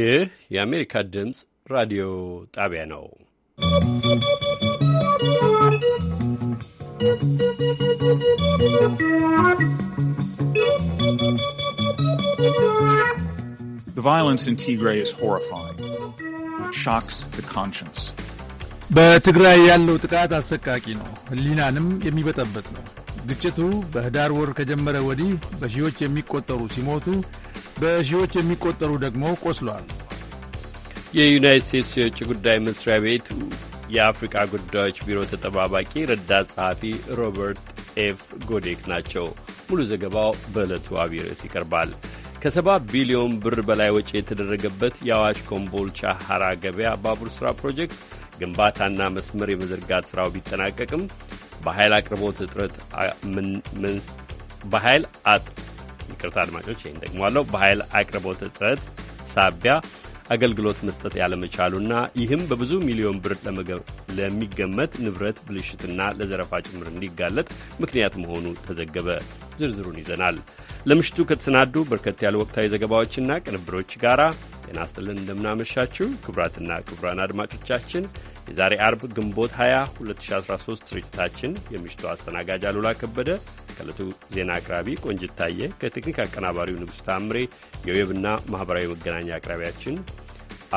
ይህ የአሜሪካ ድምፅ ራዲዮ ጣቢያ ነው። The violence in Tigray is horrifying. It shocks the conscience. በትግራይ ያለው ጥቃት አሰቃቂ ነው፣ ሕሊናንም የሚበጠበት ነው። ግጭቱ በህዳር ወር ከጀመረ ወዲህ በሺዎች የሚቆጠሩ ሲሞቱ በሺዎች የሚቆጠሩ ደግሞ ቆስለዋል። የዩናይት ስቴትስ የውጭ ጉዳይ መስሪያ ቤት የአፍሪካ ጉዳዮች ቢሮ ተጠባባቂ ረዳት ጸሐፊ ሮበርት ኤፍ ጎዴክ ናቸው። ሙሉ ዘገባው በዕለቱ አብይ ርዕስ ይቀርባል። ከሰባ ቢሊዮን ብር በላይ ወጪ የተደረገበት የአዋሽ ኮምቦልቻ ሐራ ገበያ ባቡር ሥራ ፕሮጀክት ግንባታና መስመር የመዘርጋት ሥራው ቢጠናቀቅም በኃይል አቅርቦት እጥረት ይቅርታ አድማጮች፣ ይህን ደግሟለሁ። በኃይል አቅርቦት እጥረት ሳቢያ አገልግሎት መስጠት ያለመቻሉና ይህም በብዙ ሚሊዮን ብር ለሚገመት ንብረት ብልሽትና ለዘረፋ ጭምር እንዲጋለጥ ምክንያት መሆኑ ተዘገበ። ዝርዝሩን ይዘናል። ለምሽቱ ከተሰናዱ በርከት ያሉ ወቅታዊ ዘገባዎችና ቅንብሮች ጋር ጤና ስጥልን እንደምናመሻችሁ ክቡራትና ክቡራን አድማጮቻችን የዛሬ አርብ ግንቦት 20 2013 ስርጭታችን የምሽቱ አስተናጋጅ አሉላ ከበደ ከእለቱ ዜና አቅራቢ ቆንጅት ታየ ከቴክኒክ አቀናባሪው ንጉሥ ታምሬ የዌብና ማኅበራዊ መገናኛ አቅራቢያችን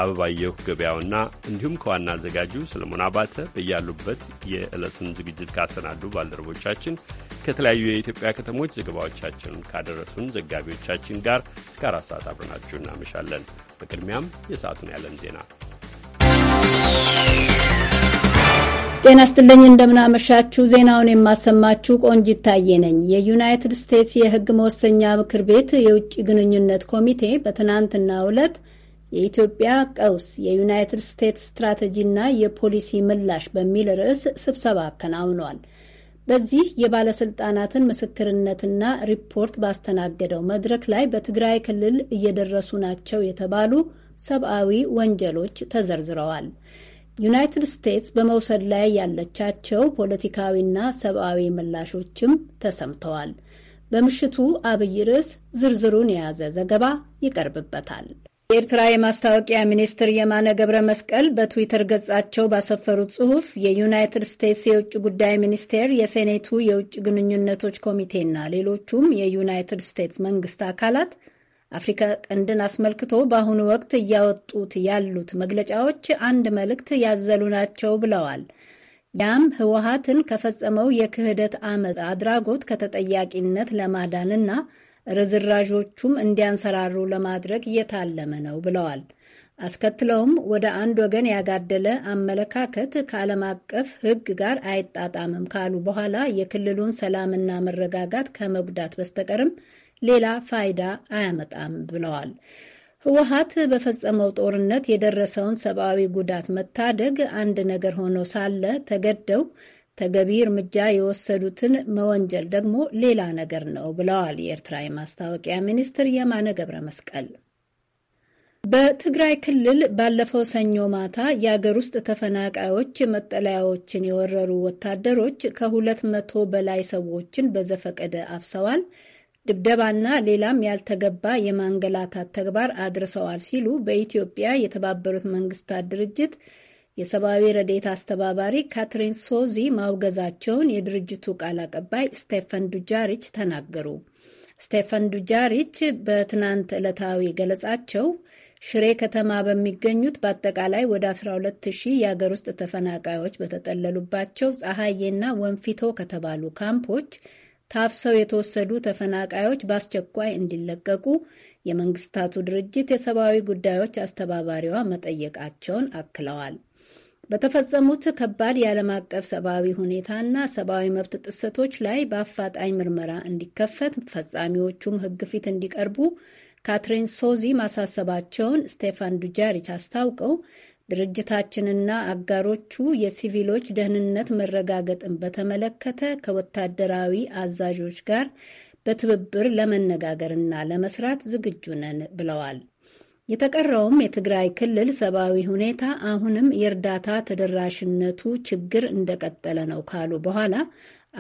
አበባየሁ ገበያውና እንዲሁም ከዋና አዘጋጁ ሰለሞን አባተ በያሉበት የዕለቱን ዝግጅት ካሰናዱ ባልደረቦቻችን ከተለያዩ የኢትዮጵያ ከተሞች ዘገባዎቻችን ካደረሱን ዘጋቢዎቻችን ጋር እስከ አራት ሰዓት አብረናችሁ እናመሻለን። በቅድሚያም የሰዓቱን ያለም ዜና ጤና ስትለኝ እንደምናመሻችሁ። ዜናውን የማሰማችሁ ቆንጂት ታዬ ነኝ። የዩናይትድ ስቴትስ የሕግ መወሰኛ ምክር ቤት የውጭ ግንኙነት ኮሚቴ በትናንትናው ዕለት የኢትዮጵያ ቀውስ የዩናይትድ ስቴትስ ስትራቴጂና የፖሊሲ ምላሽ በሚል ርዕስ ስብሰባ አከናውኗል። በዚህ የባለስልጣናትን ምስክርነትና ሪፖርት ባስተናገደው መድረክ ላይ በትግራይ ክልል እየደረሱ ናቸው የተባሉ ሰብአዊ ወንጀሎች ተዘርዝረዋል። ዩናይትድ ስቴትስ በመውሰድ ላይ ያለቻቸው ፖለቲካዊና ሰብአዊ ምላሾችም ተሰምተዋል። በምሽቱ አብይ ርዕስ ዝርዝሩን የያዘ ዘገባ ይቀርብበታል። የኤርትራ የማስታወቂያ ሚኒስትር የማነ ገብረ መስቀል በትዊተር ገጻቸው ባሰፈሩት ጽሑፍ የዩናይትድ ስቴትስ የውጭ ጉዳይ ሚኒስቴር፣ የሴኔቱ የውጭ ግንኙነቶች ኮሚቴና ሌሎቹም የዩናይትድ ስቴትስ መንግስት አካላት አፍሪካ ቀንድን አስመልክቶ በአሁኑ ወቅት እያወጡት ያሉት መግለጫዎች አንድ መልእክት ያዘሉ ናቸው ብለዋል። ያም ህወሀትን ከፈጸመው የክህደት አመፅ አድራጎት ከተጠያቂነት ለማዳንና ርዝራዦቹም እንዲያንሰራሩ ለማድረግ እየታለመ ነው ብለዋል። አስከትለውም ወደ አንድ ወገን ያጋደለ አመለካከት ከዓለም አቀፍ ሕግ ጋር አይጣጣምም ካሉ በኋላ የክልሉን ሰላምና መረጋጋት ከመጉዳት በስተቀርም ሌላ ፋይዳ አያመጣም ብለዋል። ህወሀት በፈጸመው ጦርነት የደረሰውን ሰብአዊ ጉዳት መታደግ አንድ ነገር ሆኖ ሳለ ተገደው ተገቢ እርምጃ የወሰዱትን መወንጀል ደግሞ ሌላ ነገር ነው ብለዋል የኤርትራ የማስታወቂያ ሚኒስትር የማነ ገብረ መስቀል። በትግራይ ክልል ባለፈው ሰኞ ማታ የአገር ውስጥ ተፈናቃዮች መጠለያዎችን የወረሩ ወታደሮች ከሁለት መቶ በላይ ሰዎችን በዘፈቀደ አፍሰዋል። ድብደባና ሌላም ያልተገባ የማንገላታት ተግባር አድርሰዋል ሲሉ በኢትዮጵያ የተባበሩት መንግስታት ድርጅት የሰብአዊ ረዴት አስተባባሪ ካትሪን ሶዚ ማውገዛቸውን የድርጅቱ ቃል አቀባይ ስቴፈን ዱጃሪች ተናገሩ። ስቴፈን ዱጃሪች በትናንት ዕለታዊ ገለጻቸው ሽሬ ከተማ በሚገኙት በአጠቃላይ ወደ 12ሺህ የአገር ውስጥ ተፈናቃዮች በተጠለሉባቸው ፀሐዬና ወንፊቶ ከተባሉ ካምፖች ታፍሰው የተወሰዱ ተፈናቃዮች በአስቸኳይ እንዲለቀቁ የመንግስታቱ ድርጅት የሰብአዊ ጉዳዮች አስተባባሪዋ መጠየቃቸውን አክለዋል። በተፈጸሙት ከባድ የዓለም አቀፍ ሰብአዊ ሁኔታና ሰብአዊ መብት ጥሰቶች ላይ በአፋጣኝ ምርመራ እንዲከፈት ፈጻሚዎቹም ሕግ ፊት እንዲቀርቡ ካትሪን ሶዚ ማሳሰባቸውን ስቴፋን ዱጃሪች አስታውቀው ድርጅታችንና አጋሮቹ የሲቪሎች ደህንነት መረጋገጥን በተመለከተ ከወታደራዊ አዛዦች ጋር በትብብር ለመነጋገርና ለመስራት ዝግጁ ነን ብለዋል። የተቀረውም የትግራይ ክልል ሰብአዊ ሁኔታ አሁንም የእርዳታ ተደራሽነቱ ችግር እንደቀጠለ ነው ካሉ በኋላ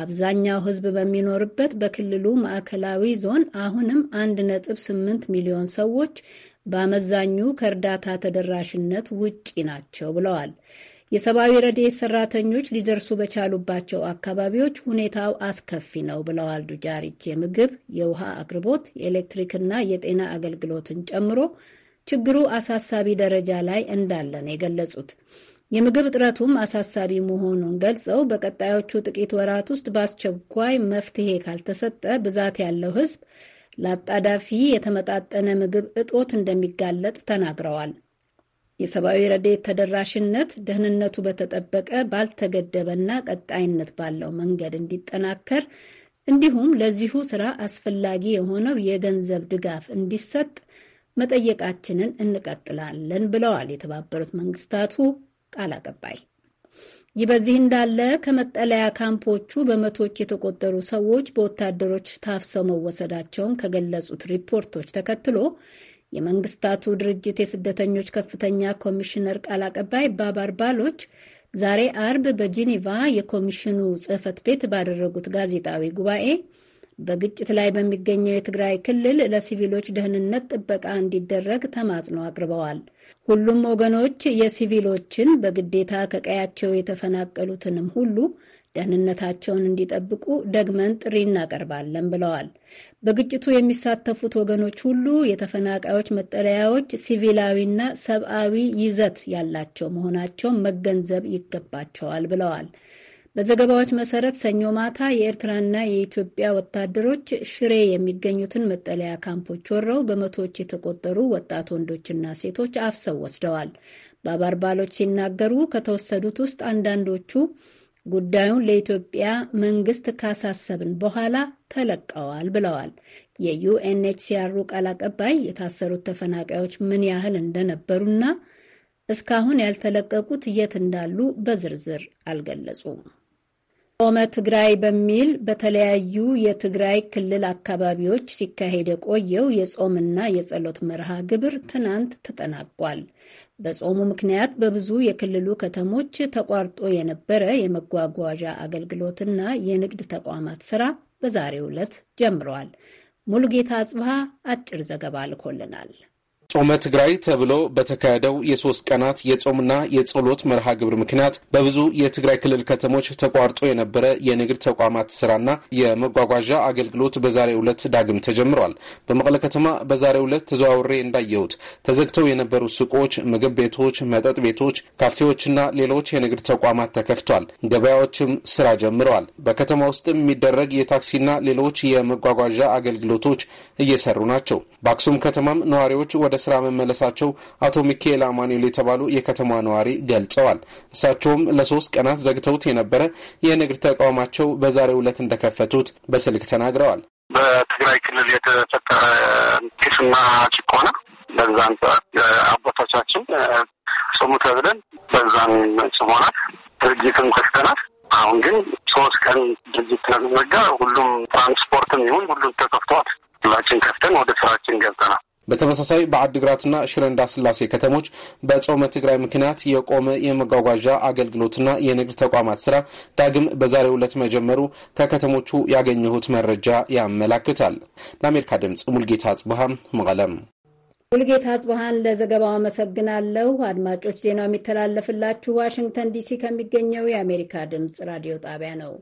አብዛኛው ሕዝብ በሚኖርበት በክልሉ ማዕከላዊ ዞን አሁንም 1.8 ሚሊዮን ሰዎች በአመዛኙ ከእርዳታ ተደራሽነት ውጪ ናቸው ብለዋል። የሰብአዊ ረድኤት ሰራተኞች ሊደርሱ በቻሉባቸው አካባቢዎች ሁኔታው አስከፊ ነው ብለዋል ዱጃሪች። የምግብ የውሃ አቅርቦት፣ የኤሌክትሪክና የጤና አገልግሎትን ጨምሮ ችግሩ አሳሳቢ ደረጃ ላይ እንዳለን የገለጹት። የምግብ እጥረቱም አሳሳቢ መሆኑን ገልጸው በቀጣዮቹ ጥቂት ወራት ውስጥ በአስቸኳይ መፍትሄ ካልተሰጠ ብዛት ያለው ሕዝብ ለአጣዳፊ የተመጣጠነ ምግብ እጦት እንደሚጋለጥ ተናግረዋል። የሰብአዊ ረዴት ተደራሽነት ደህንነቱ በተጠበቀ ባልተገደበና ቀጣይነት ባለው መንገድ እንዲጠናከር እንዲሁም ለዚሁ ስራ አስፈላጊ የሆነው የገንዘብ ድጋፍ እንዲሰጥ መጠየቃችንን እንቀጥላለን ብለዋል የተባበሩት መንግስታቱ ቃል አቀባይ። ይህ በዚህ እንዳለ ከመጠለያ ካምፖቹ በመቶዎች የተቆጠሩ ሰዎች በወታደሮች ታፍሰው መወሰዳቸውን ከገለጹት ሪፖርቶች ተከትሎ የመንግስታቱ ድርጅት የስደተኞች ከፍተኛ ኮሚሽነር ቃል አቀባይ ባባር ባሎች ዛሬ አርብ በጂኒቫ የኮሚሽኑ ጽህፈት ቤት ባደረጉት ጋዜጣዊ ጉባኤ በግጭት ላይ በሚገኘው የትግራይ ክልል ለሲቪሎች ደህንነት ጥበቃ እንዲደረግ ተማጽኖ አቅርበዋል። ሁሉም ወገኖች የሲቪሎችን በግዴታ ከቀያቸው የተፈናቀሉትንም ሁሉ ደህንነታቸውን እንዲጠብቁ ደግመን ጥሪ እናቀርባለን ብለዋል። በግጭቱ የሚሳተፉት ወገኖች ሁሉ የተፈናቃዮች መጠለያዎች ሲቪላዊና ሰብአዊ ይዘት ያላቸው መሆናቸውን መገንዘብ ይገባቸዋል ብለዋል። በዘገባዎች መሰረት ሰኞ ማታ የኤርትራና የኢትዮጵያ ወታደሮች ሽሬ የሚገኙትን መጠለያ ካምፖች ወረው በመቶዎች የተቆጠሩ ወጣት ወንዶችና ሴቶች አፍሰው ወስደዋል። በአባርባሎች ሲናገሩ ከተወሰዱት ውስጥ አንዳንዶቹ ጉዳዩን ለኢትዮጵያ መንግስት ካሳሰብን በኋላ ተለቀዋል ብለዋል። የዩኤንኤችሲአሩ ቃል አቀባይ የታሰሩት ተፈናቃዮች ምን ያህል እንደነበሩና እስካሁን ያልተለቀቁት የት እንዳሉ በዝርዝር አልገለጹም። ጾመ ትግራይ በሚል በተለያዩ የትግራይ ክልል አካባቢዎች ሲካሄድ የቆየው የጾምና የጸሎት መርሃ ግብር ትናንት ተጠናቋል። በጾሙ ምክንያት በብዙ የክልሉ ከተሞች ተቋርጦ የነበረ የመጓጓዣ አገልግሎትና የንግድ ተቋማት ስራ በዛሬው ዕለት ጀምረዋል። ሙሉጌታ አጽብሃ አጭር ዘገባ ልኮልናል። ጾመ ትግራይ ተብሎ በተካሄደው የሶስት ቀናት የጾምና የጸሎት መርሃ ግብር ምክንያት በብዙ የትግራይ ክልል ከተሞች ተቋርጦ የነበረ የንግድ ተቋማት ስራና የመጓጓዣ አገልግሎት በዛሬው ዕለት ዳግም ተጀምሯል። በመቀለ ከተማ በዛሬው ዕለት ተዘዋውሬ እንዳየሁት ተዘግተው የነበሩ ሱቆች፣ ምግብ ቤቶች፣ መጠጥ ቤቶች፣ ካፌዎችና ሌሎች የንግድ ተቋማት ተከፍቷል። ገበያዎችም ስራ ጀምረዋል። በከተማ ውስጥም የሚደረግ የታክሲና ሌሎች የመጓጓዣ አገልግሎቶች እየሰሩ ናቸው። በአክሱም ከተማም ነዋሪዎች ወደ ስራ መመለሳቸው አቶ ሚካኤል አማኑኤል የተባሉ የከተማ ነዋሪ ገልጸዋል። እሳቸውም ለሶስት ቀናት ዘግተውት የነበረ የንግድ ተቋማቸው በዛሬው ዕለት እንደከፈቱት በስልክ ተናግረዋል። በትግራይ ክልል የተፈጠረ ኪስና ጭቆና በዛ አንጻር አባቶቻችን ጽሙ ተብለን በዛን ጽሞናል። ድርጅትም ከፍተናል። አሁን ግን ሶስት ቀን ድርጅት ስለተዘጋ ሁሉም ትራንስፖርትም ይሁን ሁሉም ተከፍተዋል። ሁላችን ከፍተን ወደ ስራችን ገብተናል። በተመሳሳይ በአድግራትና ሽረ እንዳስላሴ ከተሞች በጾመ ትግራይ ምክንያት የቆመ የመጓጓዣ አገልግሎትና የንግድ ተቋማት ስራ ዳግም በዛሬው ዕለት መጀመሩ ከከተሞቹ ያገኘሁት መረጃ ያመላክታል። ለአሜሪካ ድምፅ ሙልጌታ አጽብሃም መቀለም። ሙልጌታ አጽብሃን ለዘገባው አመሰግናለሁ። አድማጮች ዜናው የሚተላለፍላችሁ ዋሽንግተን ዲሲ ከሚገኘው የአሜሪካ ድምፅ ራዲዮ ጣቢያ ነው።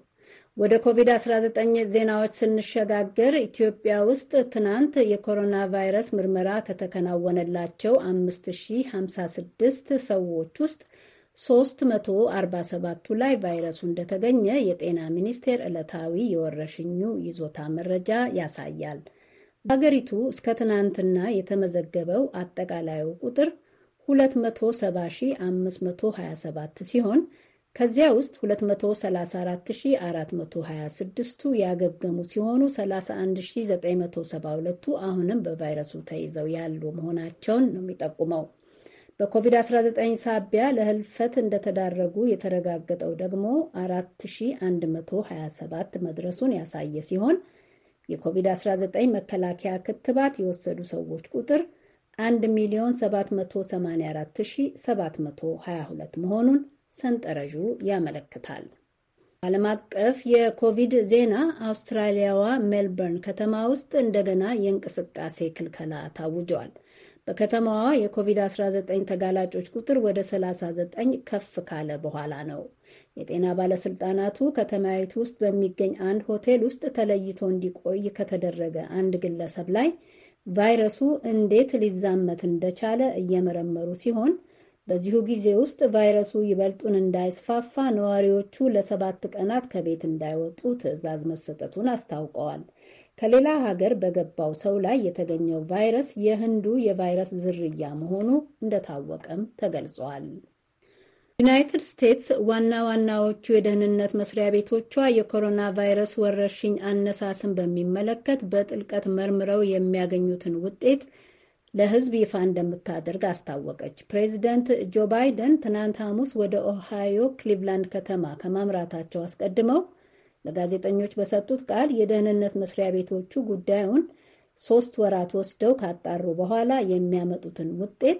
ወደ ኮቪድ-19 ዜናዎች ስንሸጋገር ኢትዮጵያ ውስጥ ትናንት የኮሮና ቫይረስ ምርመራ ከተከናወነላቸው 5056 ሰዎች ውስጥ 347ቱ ላይ ቫይረሱ እንደተገኘ የጤና ሚኒስቴር ዕለታዊ የወረሽኙ ይዞታ መረጃ ያሳያል። በሀገሪቱ እስከ ትናንትና የተመዘገበው አጠቃላዩ ቁጥር 270527 ሲሆን ከዚያ ውስጥ 234426ቱ ያገገሙ ሲሆኑ 31972ቱ አሁንም በቫይረሱ ተይዘው ያሉ መሆናቸውን ነው የሚጠቁመው። በኮቪድ-19 ሳቢያ ለህልፈት እንደተዳረጉ የተረጋገጠው ደግሞ 4127 መድረሱን ያሳየ ሲሆን የኮቪድ-19 መከላከያ ክትባት የወሰዱ ሰዎች ቁጥር 1 ሚሊዮን 784,722 መሆኑን ሰንጠረዡ ያመለክታል። ዓለም አቀፍ የኮቪድ ዜና አውስትራሊያዋ ሜልበርን ከተማ ውስጥ እንደገና የእንቅስቃሴ ክልከላ ታውጇል። በከተማዋ የኮቪድ-19 ተጋላጮች ቁጥር ወደ 39 ከፍ ካለ በኋላ ነው። የጤና ባለስልጣናቱ ከተማይቱ ውስጥ በሚገኝ አንድ ሆቴል ውስጥ ተለይቶ እንዲቆይ ከተደረገ አንድ ግለሰብ ላይ ቫይረሱ እንዴት ሊዛመት እንደቻለ እየመረመሩ ሲሆን በዚሁ ጊዜ ውስጥ ቫይረሱ ይበልጡን እንዳይስፋፋ ነዋሪዎቹ ለሰባት ቀናት ከቤት እንዳይወጡ ትዕዛዝ መሰጠቱን አስታውቀዋል። ከሌላ ሀገር በገባው ሰው ላይ የተገኘው ቫይረስ የህንዱ የቫይረስ ዝርያ መሆኑ እንደታወቀም ተገልጿል። ዩናይትድ ስቴትስ ዋና ዋናዎቹ የደህንነት መስሪያ ቤቶቿ የኮሮና ቫይረስ ወረርሽኝ አነሳስን በሚመለከት በጥልቀት መርምረው የሚያገኙትን ውጤት ለህዝብ ይፋ እንደምታደርግ አስታወቀች። ፕሬዚደንት ጆ ባይደን ትናንት ሐሙስ ወደ ኦሃዮ ክሊቭላንድ ከተማ ከማምራታቸው አስቀድመው ለጋዜጠኞች በሰጡት ቃል የደህንነት መስሪያ ቤቶቹ ጉዳዩን ሶስት ወራት ወስደው ካጣሩ በኋላ የሚያመጡትን ውጤት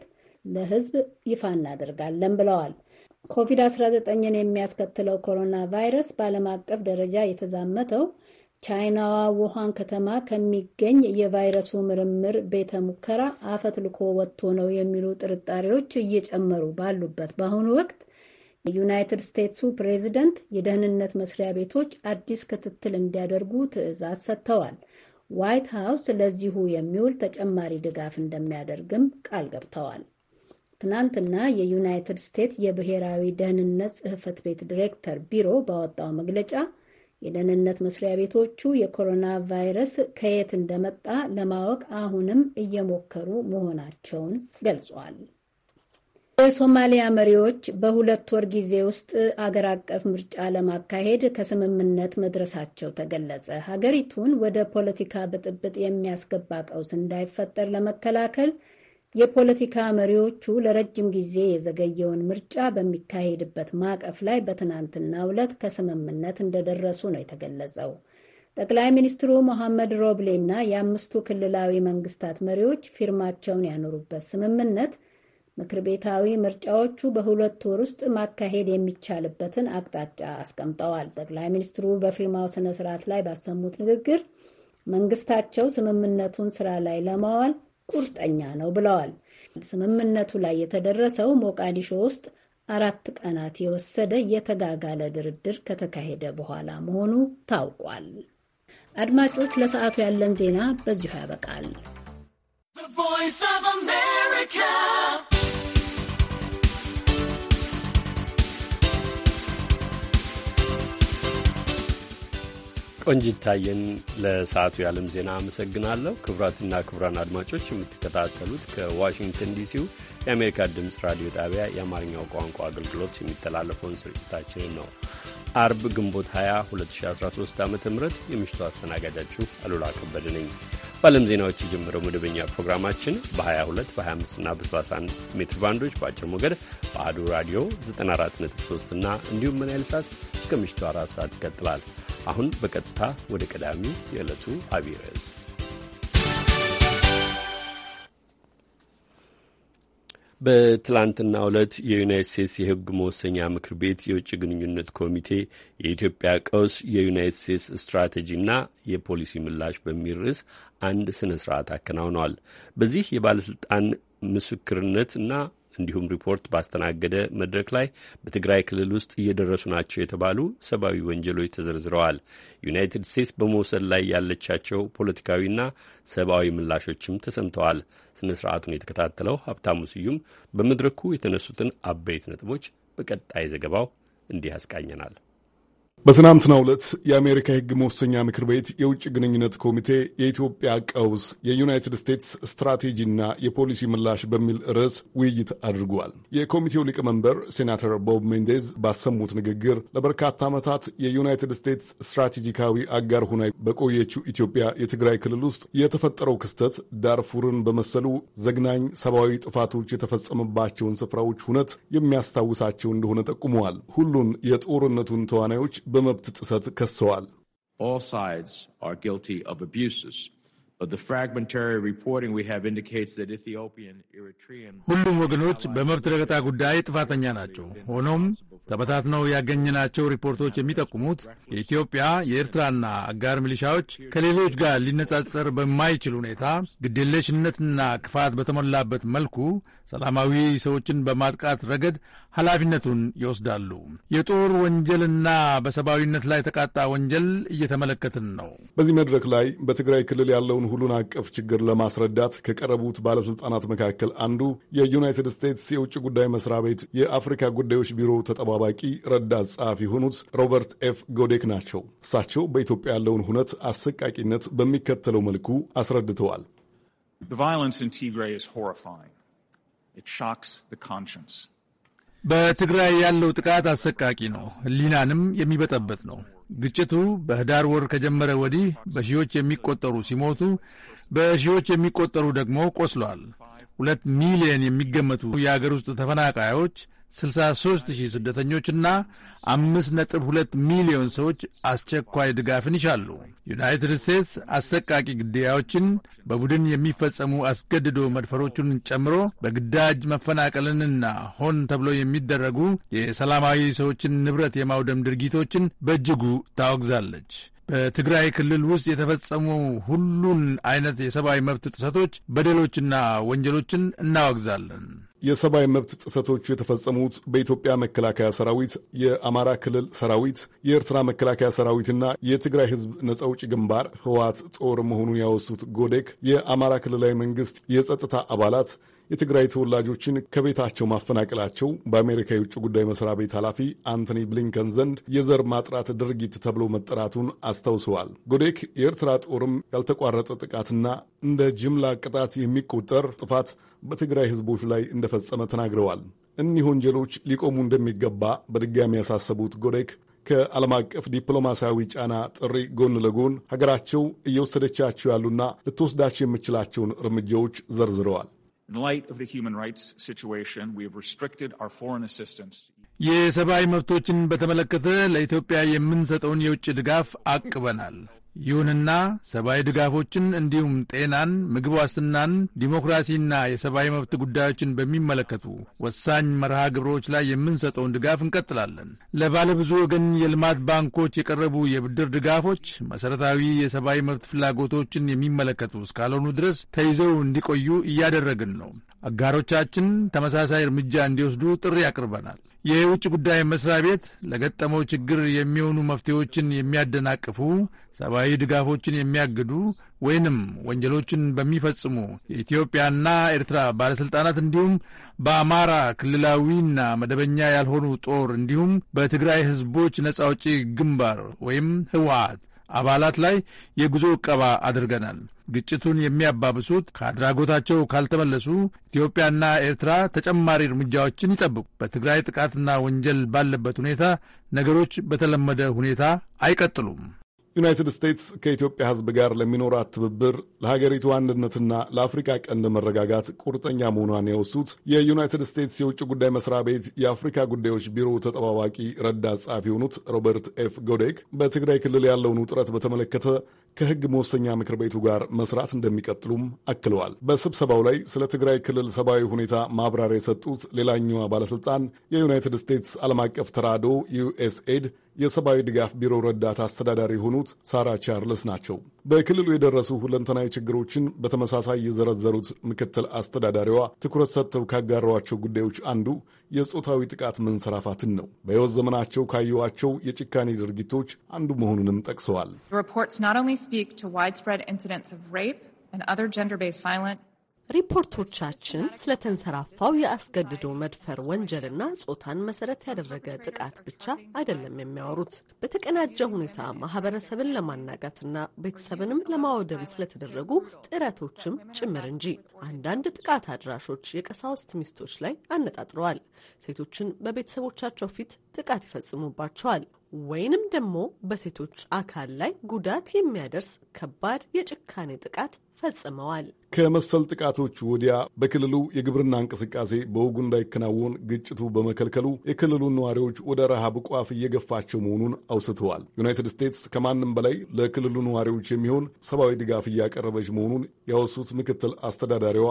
ለህዝብ ይፋ እናደርጋለን ብለዋል። ኮቪድ-19ን የሚያስከትለው ኮሮና ቫይረስ በዓለም አቀፍ ደረጃ የተዛመተው ቻይናዋ ውሃን ከተማ ከሚገኝ የቫይረሱ ምርምር ቤተ ሙከራ አፈትልኮ ወጥቶ ነው የሚሉ ጥርጣሬዎች እየጨመሩ ባሉበት በአሁኑ ወቅት የዩናይትድ ስቴትሱ ፕሬዚደንት የደህንነት መስሪያ ቤቶች አዲስ ክትትል እንዲያደርጉ ትዕዛዝ ሰጥተዋል። ዋይት ሀውስ ለዚሁ የሚውል ተጨማሪ ድጋፍ እንደሚያደርግም ቃል ገብተዋል። ትናንትና የዩናይትድ ስቴትስ የብሔራዊ ደህንነት ጽሕፈት ቤት ዲሬክተር ቢሮ ባወጣው መግለጫ የደህንነት መስሪያ ቤቶቹ የኮሮና ቫይረስ ከየት እንደመጣ ለማወቅ አሁንም እየሞከሩ መሆናቸውን ገልጿል። የሶማሊያ መሪዎች በሁለት ወር ጊዜ ውስጥ አገር አቀፍ ምርጫ ለማካሄድ ከስምምነት መድረሳቸው ተገለጸ። ሀገሪቱን ወደ ፖለቲካ ብጥብጥ የሚያስገባ ቀውስ እንዳይፈጠር ለመከላከል የፖለቲካ መሪዎቹ ለረጅም ጊዜ የዘገየውን ምርጫ በሚካሄድበት ማዕቀፍ ላይ በትናንትናው ዕለት ከስምምነት እንደደረሱ ነው የተገለጸው። ጠቅላይ ሚኒስትሩ ሞሐመድ ሮብሌ እና የአምስቱ ክልላዊ መንግስታት መሪዎች ፊርማቸውን ያኖሩበት ስምምነት ምክር ቤታዊ ምርጫዎቹ በሁለት ወር ውስጥ ማካሄድ የሚቻልበትን አቅጣጫ አስቀምጠዋል። ጠቅላይ ሚኒስትሩ በፊርማው ስነ ስርዓት ላይ ባሰሙት ንግግር መንግስታቸው ስምምነቱን ስራ ላይ ለማዋል ቁርጠኛ ነው ብለዋል። ስምምነቱ ላይ የተደረሰው ሞቃዲሾ ውስጥ አራት ቀናት የወሰደ የተጋጋለ ድርድር ከተካሄደ በኋላ መሆኑ ታውቋል። አድማጮች፣ ለሰዓቱ ያለን ዜና በዚሁ ያበቃል። ቮይስ ኦፍ አሜሪካ ታየን ለሰዓቱ የዓለም ዜና አመሰግናለሁ። ክቡራትና ክቡራን አድማጮች የምትከታተሉት ከዋሽንግተን ዲሲው የአሜሪካ ድምፅ ራዲዮ ጣቢያ የአማርኛው ቋንቋ አገልግሎት የሚተላለፈውን ስርጭታችንን ነው። አርብ ግንቦት 20 2013 ዓ ም የምሽቱ አስተናጋጃችሁ አሉላ ከበደ ነኝ። በዓለም ዜናዎች የጀመረው መደበኛ ፕሮግራማችን በ22 በ25 ና በ31 ሜትር ባንዶች በአጭር ሞገድ በአህዱ ራዲዮ 943 እና እንዲሁም በናይል ሰዓት እስከ ምሽቱ አራት ሰዓት ይቀጥላል። አሁን በቀጥታ ወደ ቀዳሚ የዕለቱ አብይ ርዕስ በትላንትና ዕለት የዩናይት ስቴትስ የሕግ መወሰኛ ምክር ቤት የውጭ ግንኙነት ኮሚቴ የኢትዮጵያ ቀውስ የዩናይት ስቴትስ ስትራቴጂና የፖሊሲ ምላሽ በሚል ርዕስ አንድ ስነ ስርዓት አከናውነዋል። በዚህ የባለሥልጣን ምስክርነትና እንዲሁም ሪፖርት ባስተናገደ መድረክ ላይ በትግራይ ክልል ውስጥ እየደረሱ ናቸው የተባሉ ሰብአዊ ወንጀሎች ተዘርዝረዋል። ዩናይትድ ስቴትስ በመውሰድ ላይ ያለቻቸው ፖለቲካዊና ሰብአዊ ምላሾችም ተሰምተዋል። ስነ ስርዓቱን የተከታተለው ሀብታሙ ስዩም በመድረኩ የተነሱትን አበይት ነጥቦች በቀጣይ ዘገባው እንዲህ ያስቃኘናል። በትናንትና ዕለት የአሜሪካ የሕግ መወሰኛ ምክር ቤት የውጭ ግንኙነት ኮሚቴ የኢትዮጵያ ቀውስ የዩናይትድ ስቴትስ ስትራቴጂና የፖሊሲ ምላሽ በሚል ርዕስ ውይይት አድርጓል። የኮሚቴው ሊቀመንበር ሴናተር ቦብ ሜንዴዝ ባሰሙት ንግግር ለበርካታ ዓመታት የዩናይትድ ስቴትስ ስትራቴጂካዊ አጋር ሆና በቆየችው ኢትዮጵያ የትግራይ ክልል ውስጥ የተፈጠረው ክስተት ዳርፉርን በመሰሉ ዘግናኝ ሰብአዊ ጥፋቶች የተፈጸመባቸውን ስፍራዎች ሁነት የሚያስታውሳቸው እንደሆነ ጠቁመዋል። ሁሉን የጦርነቱን ተዋናዮች በመብት ጥሰት ከሰዋል። All sides are guilty of abuses. ሁሉም ወገኖች በመብት ረገጣ ጉዳይ ጥፋተኛ ናቸው። ሆኖም ተበታትነው ያገኘናቸው ሪፖርቶች የሚጠቁሙት የኢትዮጵያ የኤርትራና አጋር ሚሊሻዎች ከሌሎች ጋር ሊነጻጸር በማይችል ሁኔታ ግዴለሽነትና ክፋት በተሞላበት መልኩ ሰላማዊ ሰዎችን በማጥቃት ረገድ ኃላፊነቱን ይወስዳሉ። የጦር ወንጀልና በሰብአዊነት ላይ የተቃጣ ወንጀል እየተመለከትን ነው። በዚህ መድረክ ላይ በትግራይ ክልል ያለውን ሁሉን አቀፍ ችግር ለማስረዳት ከቀረቡት ባለስልጣናት መካከል አንዱ የዩናይትድ ስቴትስ የውጭ ጉዳይ መስሪያ ቤት የአፍሪካ ጉዳዮች ቢሮ ተጠባባቂ ረዳት ጸሐፊ የሆኑት ሮበርት ኤፍ ጎዴክ ናቸው። እሳቸው በኢትዮጵያ ያለውን ሁነት አሰቃቂነት በሚከተለው መልኩ አስረድተዋል። በትግራይ ያለው ጥቃት አሰቃቂ ነው፣ ሕሊናንም የሚበጠበት ነው። ግጭቱ በህዳር ወር ከጀመረ ወዲህ በሺዎች የሚቆጠሩ ሲሞቱ በሺዎች የሚቆጠሩ ደግሞ ቆስሏል። ሁለት ሚሊየን የሚገመቱ የአገር ውስጥ ተፈናቃዮች 63 ሺህ ስደተኞችና 5.2 ሚሊዮን ሰዎች አስቸኳይ ድጋፍን ይሻሉ። ዩናይትድ ስቴትስ አሰቃቂ ግድያዎችን፣ በቡድን የሚፈጸሙ አስገድዶ መድፈሮቹን ጨምሮ በግዳጅ መፈናቀልንና ሆን ተብሎ የሚደረጉ የሰላማዊ ሰዎችን ንብረት የማውደም ድርጊቶችን በእጅጉ ታወግዛለች። በትግራይ ክልል ውስጥ የተፈጸሙ ሁሉን አይነት የሰብአዊ መብት ጥሰቶች፣ በደሎችና ወንጀሎችን እናወግዛለን። የሰብአዊ መብት ጥሰቶቹ የተፈጸሙት በኢትዮጵያ መከላከያ ሰራዊት፣ የአማራ ክልል ሰራዊት፣ የኤርትራ መከላከያ ሰራዊትና የትግራይ ሕዝብ ነጻ አውጪ ግንባር ህወሓት ጦር መሆኑን ያወሱት ጎዴክ የአማራ ክልላዊ መንግስት የጸጥታ አባላት የትግራይ ተወላጆችን ከቤታቸው ማፈናቀላቸው በአሜሪካ የውጭ ጉዳይ መስሪያ ቤት ኃላፊ አንቶኒ ብሊንከን ዘንድ የዘር ማጥራት ድርጊት ተብሎ መጠራቱን አስታውሰዋል። ጎዴክ የኤርትራ ጦርም ያልተቋረጠ ጥቃትና እንደ ጅምላ ቅጣት የሚቆጠር ጥፋት በትግራይ ሕዝቦች ላይ እንደፈጸመ ተናግረዋል። እኒህ ወንጀሎች ሊቆሙ እንደሚገባ በድጋሚ ያሳሰቡት ጎዴክ ከዓለም አቀፍ ዲፕሎማሲያዊ ጫና ጥሪ ጎን ለጎን ሀገራቸው እየወሰደቻቸው ያሉና ልትወስዳቸው የምችላቸውን እርምጃዎች ዘርዝረዋል። In light of the human rights situation, we have restricted our foreign assistance. የሰብአዊ መብቶችን በተመለከተ ለኢትዮጵያ የምንሰጠውን የውጭ ድጋፍ አቅበናል። ይሁንና ሰብአዊ ድጋፎችን እንዲሁም ጤናን፣ ምግብ ዋስትናን፣ ዲሞክራሲና የሰብአዊ መብት ጉዳዮችን በሚመለከቱ ወሳኝ መርሃ ግብሮች ላይ የምንሰጠውን ድጋፍ እንቀጥላለን። ለባለብዙ ወገን የልማት ባንኮች የቀረቡ የብድር ድጋፎች መሠረታዊ የሰብአዊ መብት ፍላጎቶችን የሚመለከቱ እስካልሆኑ ድረስ ተይዘው እንዲቆዩ እያደረግን ነው። አጋሮቻችን ተመሳሳይ እርምጃ እንዲወስዱ ጥሪ አቅርበናል። የውጭ ጉዳይ መስሪያ ቤት ለገጠመው ችግር የሚሆኑ መፍትሄዎችን የሚያደናቅፉ፣ ሰብአዊ ድጋፎችን የሚያግዱ ወይንም ወንጀሎችን በሚፈጽሙ የኢትዮጵያና ኤርትራ ባለሥልጣናት እንዲሁም በአማራ ክልላዊና መደበኛ ያልሆኑ ጦር እንዲሁም በትግራይ ሕዝቦች ነጻ አውጪ ግንባር ወይም ህወሀት አባላት ላይ የጉዞ ቀባ አድርገናል። ግጭቱን የሚያባብሱት ከአድራጎታቸው ካልተመለሱ ኢትዮጵያና ኤርትራ ተጨማሪ እርምጃዎችን ይጠብቁ። በትግራይ ጥቃትና ወንጀል ባለበት ሁኔታ ነገሮች በተለመደ ሁኔታ አይቀጥሉም። ዩናይትድ ስቴትስ ከኢትዮጵያ ሕዝብ ጋር ለሚኖራት ትብብር ለሀገሪቱ አንድነትና ለአፍሪካ ቀንድ መረጋጋት ቁርጠኛ መሆኗን ያወሱት የዩናይትድ ስቴትስ የውጭ ጉዳይ መስሪያ ቤት የአፍሪካ ጉዳዮች ቢሮ ተጠባባቂ ረዳት ጸሐፊ የሆኑት ሮበርት ኤፍ ጎዴክ በትግራይ ክልል ያለውን ውጥረት በተመለከተ ከህግ መወሰኛ ምክር ቤቱ ጋር መስራት እንደሚቀጥሉም አክለዋል። በስብሰባው ላይ ስለ ትግራይ ክልል ሰብአዊ ሁኔታ ማብራሪያ የሰጡት ሌላኛዋ ባለሥልጣን የዩናይትድ ስቴትስ ዓለም አቀፍ ተራድኦ ዩኤስኤድ የሰብአዊ ድጋፍ ቢሮ ረዳት አስተዳዳሪ የሆኑት ሳራ ቻርልስ ናቸው። በክልሉ የደረሱ ሁለንተናዊ ችግሮችን በተመሳሳይ የዘረዘሩት ምክትል አስተዳዳሪዋ ትኩረት ሰጥተው ካጋሯቸው ጉዳዮች አንዱ የጾታዊ ጥቃት መንሰራፋትን ነው። በሕይወት ዘመናቸው ካየዋቸው የጭካኔ ድርጊቶች አንዱ መሆኑንም ጠቅሰዋል። ሪፖርቶቻችን ስለተንሰራፋው የአስገድዶ መድፈር ወንጀልና ጾታን መሰረት ያደረገ ጥቃት ብቻ አይደለም የሚያወሩት። በተቀናጀ ሁኔታ ማህበረሰብን ለማናጋትና ቤተሰብንም ለማወደም ስለተደረጉ ጥረቶችም ጭምር እንጂ። አንዳንድ ጥቃት አድራሾች የቀሳውስት ሚስቶች ላይ አነጣጥረዋል። ሴቶችን በቤተሰቦቻቸው ፊት ጥቃት ይፈጽሙባቸዋል ወይንም ደግሞ በሴቶች አካል ላይ ጉዳት የሚያደርስ ከባድ የጭካኔ ጥቃት ፈጽመዋል። ከመሰል ጥቃቶች ወዲያ በክልሉ የግብርና እንቅስቃሴ በውጉ እንዳይከናወን ግጭቱ በመከልከሉ የክልሉን ነዋሪዎች ወደ ረሃብ ቋፍ እየገፋቸው መሆኑን አውስተዋል። ዩናይትድ ስቴትስ ከማንም በላይ ለክልሉ ነዋሪዎች የሚሆን ሰብአዊ ድጋፍ እያቀረበች መሆኑን ያወሱት ምክትል አስተዳዳሪዋ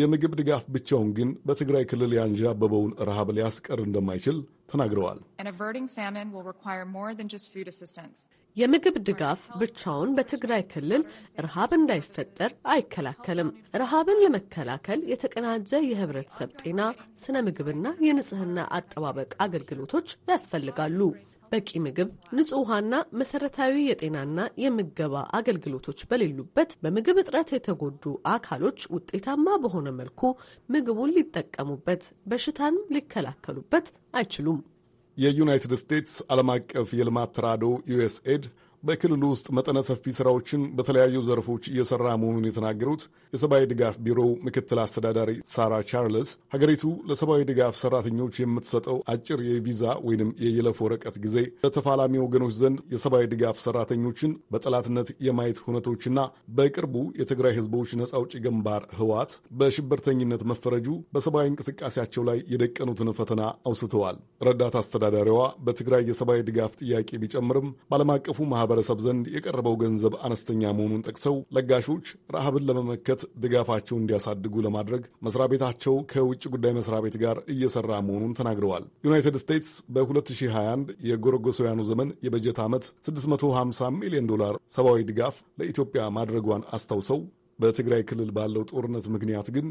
የምግብ ድጋፍ ብቻውን ግን በትግራይ ክልል ያንዣበበውን ረሃብ ሊያስቀር እንደማይችል ተናግረዋል። የምግብ ድጋፍ ብቻውን በትግራይ ክልል ረሃብ እንዳይፈጠር አይከላከልም። ረሃብን ለመከላከል የተቀናጀ የህብረተሰብ ጤና፣ ስነ ምግብና የንጽህና አጠባበቅ አገልግሎቶች ያስፈልጋሉ። በቂ ምግብ፣ ንጹህ ውሃና መሰረታዊ የጤናና የምገባ አገልግሎቶች በሌሉበት በምግብ እጥረት የተጎዱ አካሎች ውጤታማ በሆነ መልኩ ምግቡን ሊጠቀሙበት፣ በሽታን ሊከላከሉበት አይችሉም። የዩናይትድ ስቴትስ ዓለም አቀፍ የልማት ተራድኦ ዩኤስኤድ በክልሉ ውስጥ መጠነ ሰፊ ስራዎችን በተለያዩ ዘርፎች እየሰራ መሆኑን የተናገሩት የሰብአዊ ድጋፍ ቢሮው ምክትል አስተዳዳሪ ሳራ ቻርልስ ሀገሪቱ ለሰብአዊ ድጋፍ ሰራተኞች የምትሰጠው አጭር የቪዛ ወይንም የየለፍ ወረቀት ጊዜ ለተፋላሚ ወገኖች ዘንድ የሰብአዊ ድጋፍ ሰራተኞችን በጠላትነት የማየት ሁነቶችና በቅርቡ የትግራይ ህዝቦች ነጻ አውጪ ግንባር ህወሓት በሽብርተኝነት መፈረጁ በሰብአዊ እንቅስቃሴያቸው ላይ የደቀኑትን ፈተና አውስተዋል። ረዳት አስተዳዳሪዋ በትግራይ የሰብአዊ ድጋፍ ጥያቄ ቢጨምርም በዓለም አቀፉ ማህበ ማህበረሰብ ዘንድ የቀረበው ገንዘብ አነስተኛ መሆኑን ጠቅሰው ለጋሾች ረሃብን ለመመከት ድጋፋቸውን እንዲያሳድጉ ለማድረግ መስሪያ ቤታቸው ከውጭ ጉዳይ መስሪያ ቤት ጋር እየሰራ መሆኑን ተናግረዋል። ዩናይትድ ስቴትስ በ2021 የጎረጎሳውያኑ ዘመን የበጀት ዓመት 650 ሚሊዮን ዶላር ሰብአዊ ድጋፍ ለኢትዮጵያ ማድረጓን አስታውሰው በትግራይ ክልል ባለው ጦርነት ምክንያት ግን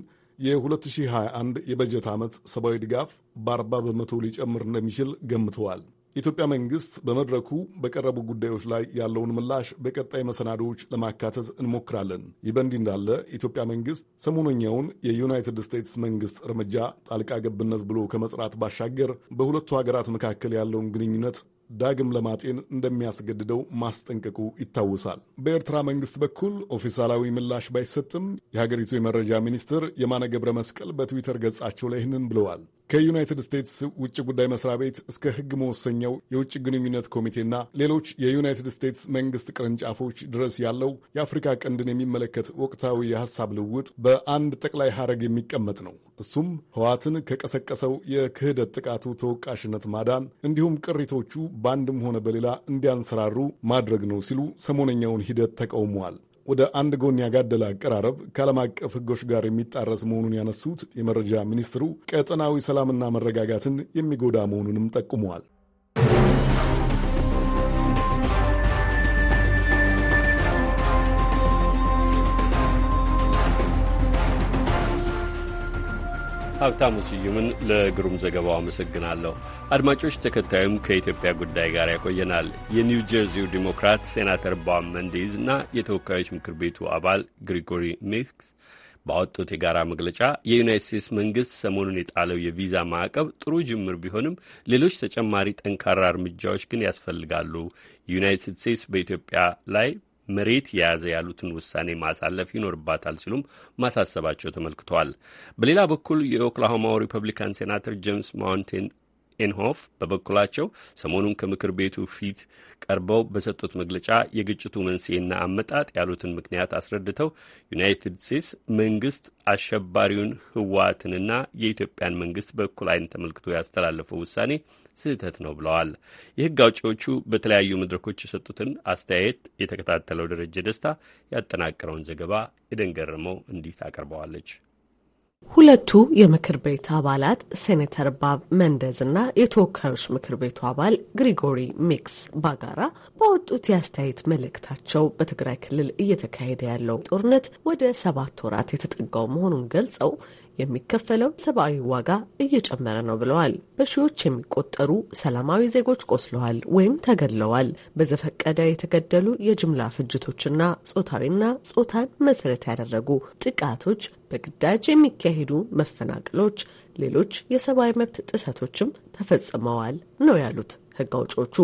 የ2021 የበጀት ዓመት ሰብአዊ ድጋፍ በ40 በመቶ ሊጨምር እንደሚችል ገምተዋል። የኢትዮጵያ መንግስት በመድረኩ በቀረቡ ጉዳዮች ላይ ያለውን ምላሽ በቀጣይ መሰናዶዎች ለማካተት እንሞክራለን። ይህ በእንዲህ እንዳለ የኢትዮጵያ መንግስት ሰሞነኛውን የዩናይትድ ስቴትስ መንግስት እርምጃ ጣልቃ ገብነት ብሎ ከመጽራት ባሻገር በሁለቱ ሀገራት መካከል ያለውን ግንኙነት ዳግም ለማጤን እንደሚያስገድደው ማስጠንቀቁ ይታወሳል። በኤርትራ መንግስት በኩል ኦፊሳላዊ ምላሽ ባይሰጥም የሀገሪቱ የመረጃ ሚኒስትር የማነ ገብረ መስቀል በትዊተር ገጻቸው ላይ ይህንን ብለዋል። ከዩናይትድ ስቴትስ ውጭ ጉዳይ መስሪያ ቤት እስከ ሕግ መወሰኛው የውጭ ግንኙነት ኮሚቴና ሌሎች የዩናይትድ ስቴትስ መንግስት ቅርንጫፎች ድረስ ያለው የአፍሪካ ቀንድን የሚመለከት ወቅታዊ የሀሳብ ልውውጥ በአንድ ጠቅላይ ሐረግ የሚቀመጥ ነው። እሱም ህዋትን ከቀሰቀሰው የክህደት ጥቃቱ ተወቃሽነት ማዳን እንዲሁም ቅሪቶቹ በአንድም ሆነ በሌላ እንዲያንሰራሩ ማድረግ ነው ሲሉ ሰሞነኛውን ሂደት ተቃውመዋል። ወደ አንድ ጎን ያጋደለ አቀራረብ ከዓለም አቀፍ ሕጎች ጋር የሚጣረስ መሆኑን ያነሱት የመረጃ ሚኒስትሩ ቀጠናዊ ሰላምና መረጋጋትን የሚጎዳ መሆኑንም ጠቁመዋል። ሀብታሙ ስዩምን ለግሩም ዘገባው አመሰግናለሁ። አድማጮች፣ ተከታዩም ከኢትዮጵያ ጉዳይ ጋር ያቆየናል። የኒው ጀርዚው ዲሞክራት ሴናተር ቦብ መንዴዝ እና የተወካዮች ምክር ቤቱ አባል ግሪጎሪ ሚክስ ባወጡት የጋራ መግለጫ የዩናይት ስቴትስ መንግስት ሰሞኑን የጣለው የቪዛ ማዕቀብ ጥሩ ጅምር ቢሆንም ሌሎች ተጨማሪ ጠንካራ እርምጃዎች ግን ያስፈልጋሉ። ዩናይትድ ስቴትስ በኢትዮጵያ ላይ መሬት የያዘ ያሉትን ውሳኔ ማሳለፍ ይኖርባታል ሲሉም ማሳሰባቸው ተመልክተዋል። በሌላ በኩል የኦክላሆማው ሪፐብሊካን ሴናተር ጄምስ ማውንቴን ኤንሆፍ በበኩላቸው ሰሞኑን ከምክር ቤቱ ፊት ቀርበው በሰጡት መግለጫ የግጭቱ መንስኤና አመጣጥ ያሉትን ምክንያት አስረድተው ዩናይትድ ስቴትስ መንግስት አሸባሪውን ህወሓትንና የኢትዮጵያን መንግስት በእኩል ዓይን ተመልክቶ ያስተላለፈው ውሳኔ ስህተት ነው ብለዋል። የህግ አውጪዎቹ በተለያዩ መድረኮች የሰጡትን አስተያየት የተከታተለው ደረጀ ደስታ ያጠናቀረውን ዘገባ የደንገረመው እንዲህ ታቀርበዋለች። ሁለቱ የምክር ቤት አባላት ሴኔተር ባብ መንደዝ እና የተወካዮች ምክር ቤቱ አባል ግሪጎሪ ሚክስ ባጋራ በወጡት የአስተያየት መልእክታቸው በትግራይ ክልል እየተካሄደ ያለው ጦርነት ወደ ሰባት ወራት የተጠጋው መሆኑን ገልጸው የሚከፈለው ሰብአዊ ዋጋ እየጨመረ ነው ብለዋል። በሺዎች የሚቆጠሩ ሰላማዊ ዜጎች ቆስለዋል ወይም ተገድለዋል። በዘፈቀደ የተገደሉ የጅምላ ፍጅቶችና ጾታዊና ጾታን መሰረት ያደረጉ ጥቃቶች፣ በግዳጅ የሚካሄዱ መፈናቅሎች፣ ሌሎች የሰብአዊ መብት ጥሰቶችም ተፈጽመዋል ነው ያሉት። ህግ አውጪዎቹ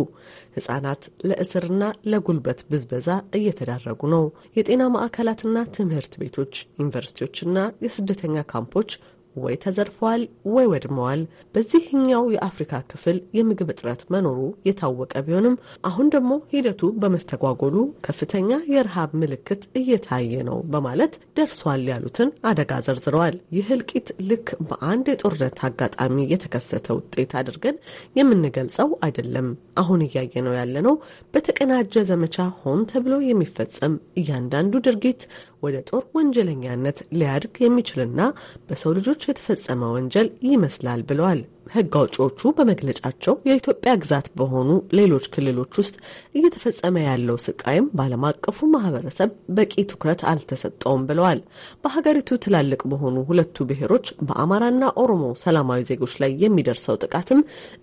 ህጻናት ለእስርና ለጉልበት ብዝበዛ እየተዳረጉ ነው። የጤና ማዕከላትና ትምህርት ቤቶች፣ ዩኒቨርሲቲዎችና የስደተኛ ካምፖች ወይ ተዘርፈዋል ወይ ወድመዋል። በዚህኛው የአፍሪካ ክፍል የምግብ እጥረት መኖሩ የታወቀ ቢሆንም አሁን ደግሞ ሂደቱ በመስተጓጎሉ ከፍተኛ የረሃብ ምልክት እየታየ ነው በማለት ደርሷል ያሉትን አደጋ ዘርዝረዋል። ይህ እልቂት ልክ በአንድ የጦርነት አጋጣሚ የተከሰተ ውጤት አድርገን የምንገልጸው አይደለም። አሁን እያየ ነው ያለነው በተቀናጀ ዘመቻ ሆን ተብሎ የሚፈጸም እያንዳንዱ ድርጊት ወደ ጦር ወንጀለኛነት ሊያድግ የሚችልና በሰው ልጆች የተፈጸመ ወንጀል ይመስላል ብለዋል። ህግ አውጪዎቹ በመግለጫቸው የኢትዮጵያ ግዛት በሆኑ ሌሎች ክልሎች ውስጥ እየተፈጸመ ያለው ስቃይም በዓለም አቀፉ ማህበረሰብ በቂ ትኩረት አልተሰጠውም ብለዋል። በሀገሪቱ ትላልቅ በሆኑ ሁለቱ ብሔሮች በአማራና ኦሮሞ ሰላማዊ ዜጎች ላይ የሚደርሰው ጥቃትም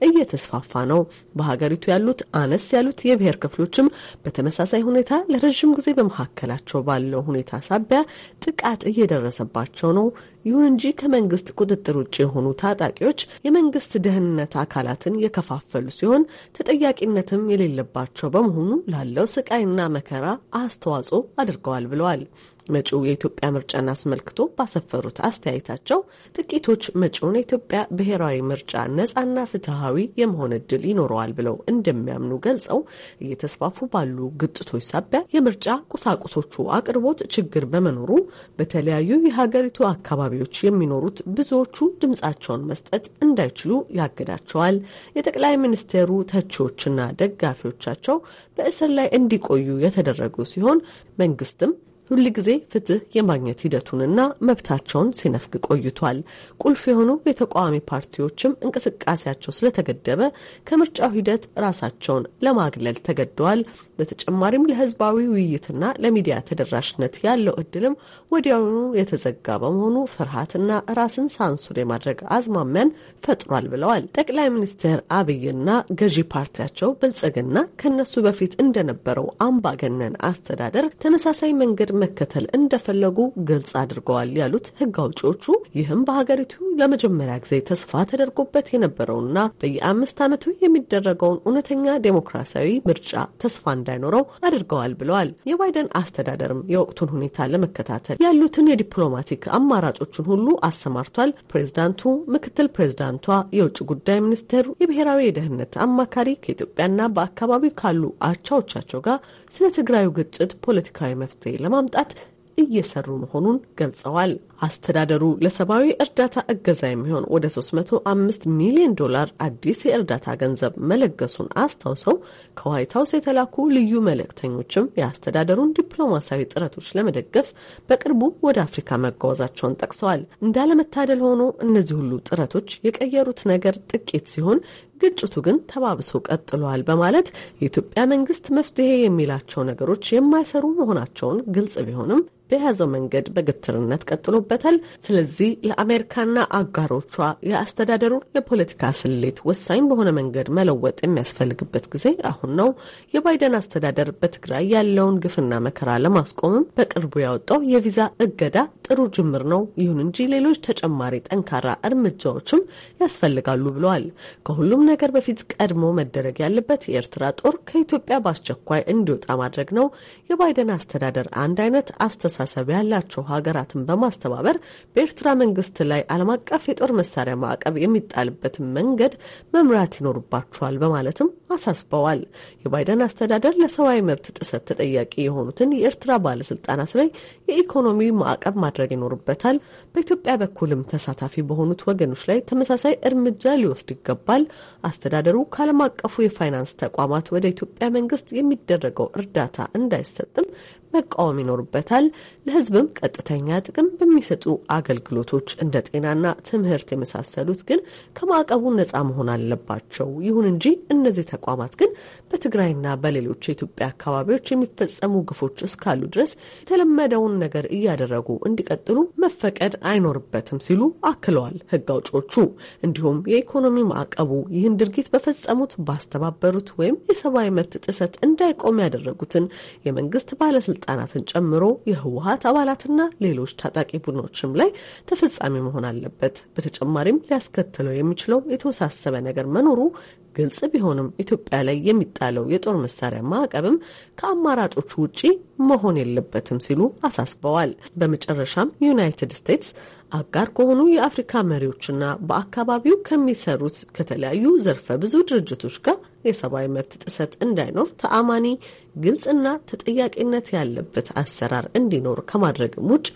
እየተስፋፋ ነው። በሀገሪቱ ያሉት አነስ ያሉት የብሔር ክፍሎችም በተመሳሳይ ሁኔታ ለረዥም ጊዜ በመካከላቸው ባለው ሁኔታ ሳቢያ ጥቃት እየደረሰባቸው ነው። ይሁን እንጂ ከመንግስት ቁጥጥር ውጭ የሆኑ ታጣቂዎች የመንግስት ደህንነት አካላትን የከፋፈሉ ሲሆን ተጠያቂነትም የሌለባቸው በመሆኑ ላለው ስቃይና መከራ አስተዋጽኦ አድርገዋል ብለዋል። መጪው የኢትዮጵያ ምርጫን አስመልክቶ ባሰፈሩት አስተያየታቸው ጥቂቶች መጪውን የኢትዮጵያ ብሔራዊ ምርጫ ነጻና ፍትሐዊ የመሆን እድል ይኖረዋል ብለው እንደሚያምኑ ገልጸው እየተስፋፉ ባሉ ግጭቶች ሳቢያ የምርጫ ቁሳቁሶቹ አቅርቦት ችግር በመኖሩ በተለያዩ የሀገሪቱ አካባቢዎች የሚኖሩት ብዙዎቹ ድምጻቸውን መስጠት እንዳይችሉ ያግዳቸዋል። የጠቅላይ ሚኒስቴሩ ተቺዎችና ደጋፊዎቻቸው በእስር ላይ እንዲቆዩ የተደረጉ ሲሆን መንግስትም ጊዜ ፍትህ የማግኘት ሂደቱንና መብታቸውን ሲነፍግ ቆይቷል። ቁልፍ የሆኑ የተቃዋሚ ፓርቲዎችም እንቅስቃሴያቸው ስለተገደበ ከምርጫው ሂደት ራሳቸውን ለማግለል ተገደዋል። በተጨማሪም ለህዝባዊ ውይይትና ለሚዲያ ተደራሽነት ያለው እድልም ወዲያውኑ የተዘጋ በመሆኑ ፍርሃትና ራስን ሳንሱር የማድረግ አዝማሚያን ፈጥሯል ብለዋል። ጠቅላይ ሚኒስትር አብይና ገዢ ፓርቲያቸው ብልጽግና ከነሱ በፊት እንደነበረው አምባገነን አስተዳደር ተመሳሳይ መንገድ መከተል እንደፈለጉ ግልጽ አድርገዋል ያሉት ህግ አውጪዎቹ ይህም በሀገሪቱ ለመጀመሪያ ጊዜ ተስፋ ተደርጎበት የነበረውና በየአምስት ዓመቱ የሚደረገውን እውነተኛ ዴሞክራሲያዊ ምርጫ ተስፋ እንዳይኖረው አድርገዋል ብለዋል። የባይደን አስተዳደርም የወቅቱን ሁኔታ ለመከታተል ያሉትን የዲፕሎማቲክ አማራጮችን ሁሉ አሰማርቷል። ፕሬዝዳንቱ፣ ምክትል ፕሬዝዳንቷ፣ የውጭ ጉዳይ ሚኒስቴሩ፣ የብሔራዊ የደህንነት አማካሪ ከኢትዮጵያና በአካባቢው ካሉ አቻዎቻቸው ጋር ስለ ትግራዩ ግጭት ፖለቲካዊ መፍትሄ ለማምጣት እየሰሩ መሆኑን ገልጸዋል። አስተዳደሩ ለሰብአዊ እርዳታ እገዛ የሚሆን ወደ 305 ሚሊዮን ዶላር አዲስ የእርዳታ ገንዘብ መለገሱን አስታውሰው ከዋይት ሀውስ የተላኩ ልዩ መልእክተኞችም የአስተዳደሩን ዲፕሎማሲያዊ ጥረቶች ለመደገፍ በቅርቡ ወደ አፍሪካ መጓዛቸውን ጠቅሰዋል። እንዳለመታደል ሆኖ እነዚህ ሁሉ ጥረቶች የቀየሩት ነገር ጥቂት ሲሆን ግጭቱ ግን ተባብሶ ቀጥሏል በማለት የኢትዮጵያ መንግስት መፍትሄ የሚላቸው ነገሮች የማይሰሩ መሆናቸውን ግልጽ ቢሆንም በያዘው መንገድ በግትርነት ቀጥሎበት ይገኙበታል። ስለዚህ ለአሜሪካና አጋሮቿ የአስተዳደሩን የፖለቲካ ስሌት ወሳኝ በሆነ መንገድ መለወጥ የሚያስፈልግበት ጊዜ አሁን ነው። የባይደን አስተዳደር በትግራይ ያለውን ግፍና መከራ ለማስቆምም በቅርቡ ያወጣው የቪዛ እገዳ ጥሩ ጅምር ነው። ይሁን እንጂ ሌሎች ተጨማሪ ጠንካራ እርምጃዎችም ያስፈልጋሉ ብለዋል። ከሁሉም ነገር በፊት ቀድሞ መደረግ ያለበት የኤርትራ ጦር ከኢትዮጵያ በአስቸኳይ እንዲወጣ ማድረግ ነው። የባይደን አስተዳደር አንድ አይነት አስተሳሰብ ያላቸው ሀገራትን በማስተባበ ማህበር በኤርትራ መንግስት ላይ ዓለም አቀፍ የጦር መሳሪያ ማዕቀብ የሚጣልበትን መንገድ መምራት ይኖርባቸዋል በማለትም አሳስበዋል። የባይደን አስተዳደር ለሰብአዊ መብት ጥሰት ተጠያቂ የሆኑትን የኤርትራ ባለስልጣናት ላይ የኢኮኖሚ ማዕቀብ ማድረግ ይኖርበታል። በኢትዮጵያ በኩልም ተሳታፊ በሆኑት ወገኖች ላይ ተመሳሳይ እርምጃ ሊወስድ ይገባል። አስተዳደሩ ከዓለም አቀፉ የፋይናንስ ተቋማት ወደ ኢትዮጵያ መንግስት የሚደረገው እርዳታ እንዳይሰጥም መቃወም ይኖርበታል። ለህዝብም ቀጥተኛ ጥቅም በሚሰጡ አገልግሎቶች እንደ ጤናና ትምህርት የመሳሰሉት ግን ከማዕቀቡ ነፃ መሆን አለባቸው። ይሁን እንጂ እነዚህ ተቋማት ግን በትግራይና በሌሎች የኢትዮጵያ አካባቢዎች የሚፈጸሙ ግፎች እስካሉ ድረስ የተለመደውን ነገር እያደረጉ እንዲቀጥሉ መፈቀድ አይኖርበትም ሲሉ አክለዋል ህግ አውጮቹ እንዲሁም የኢኮኖሚ ማዕቀቡ ይህን ድርጊት በፈጸሙት ባስተባበሩት ወይም የሰብአዊ መብት ጥሰት እንዳይቆም ያደረጉትን የመንግስት ባለስልጣ ባለስልጣናትን ጨምሮ የህወሀት አባላትና ሌሎች ታጣቂ ቡድኖችም ላይ ተፈጻሚ መሆን አለበት። በተጨማሪም ሊያስከትለው የሚችለው የተወሳሰበ ነገር መኖሩ ግልጽ ቢሆንም ኢትዮጵያ ላይ የሚጣለው የጦር መሳሪያ ማዕቀብም ከአማራጮቹ ውጪ መሆን የለበትም ሲሉ አሳስበዋል። በመጨረሻም ዩናይትድ ስቴትስ አጋር ከሆኑ የአፍሪካ መሪዎችና በአካባቢው ከሚሰሩት ከተለያዩ ዘርፈ ብዙ ድርጅቶች ጋር የሰብአዊ መብት ጥሰት እንዳይኖር ተአማኒ፣ ግልጽና ተጠያቂነት ያለበት አሰራር እንዲኖር ከማድረግም ውጭ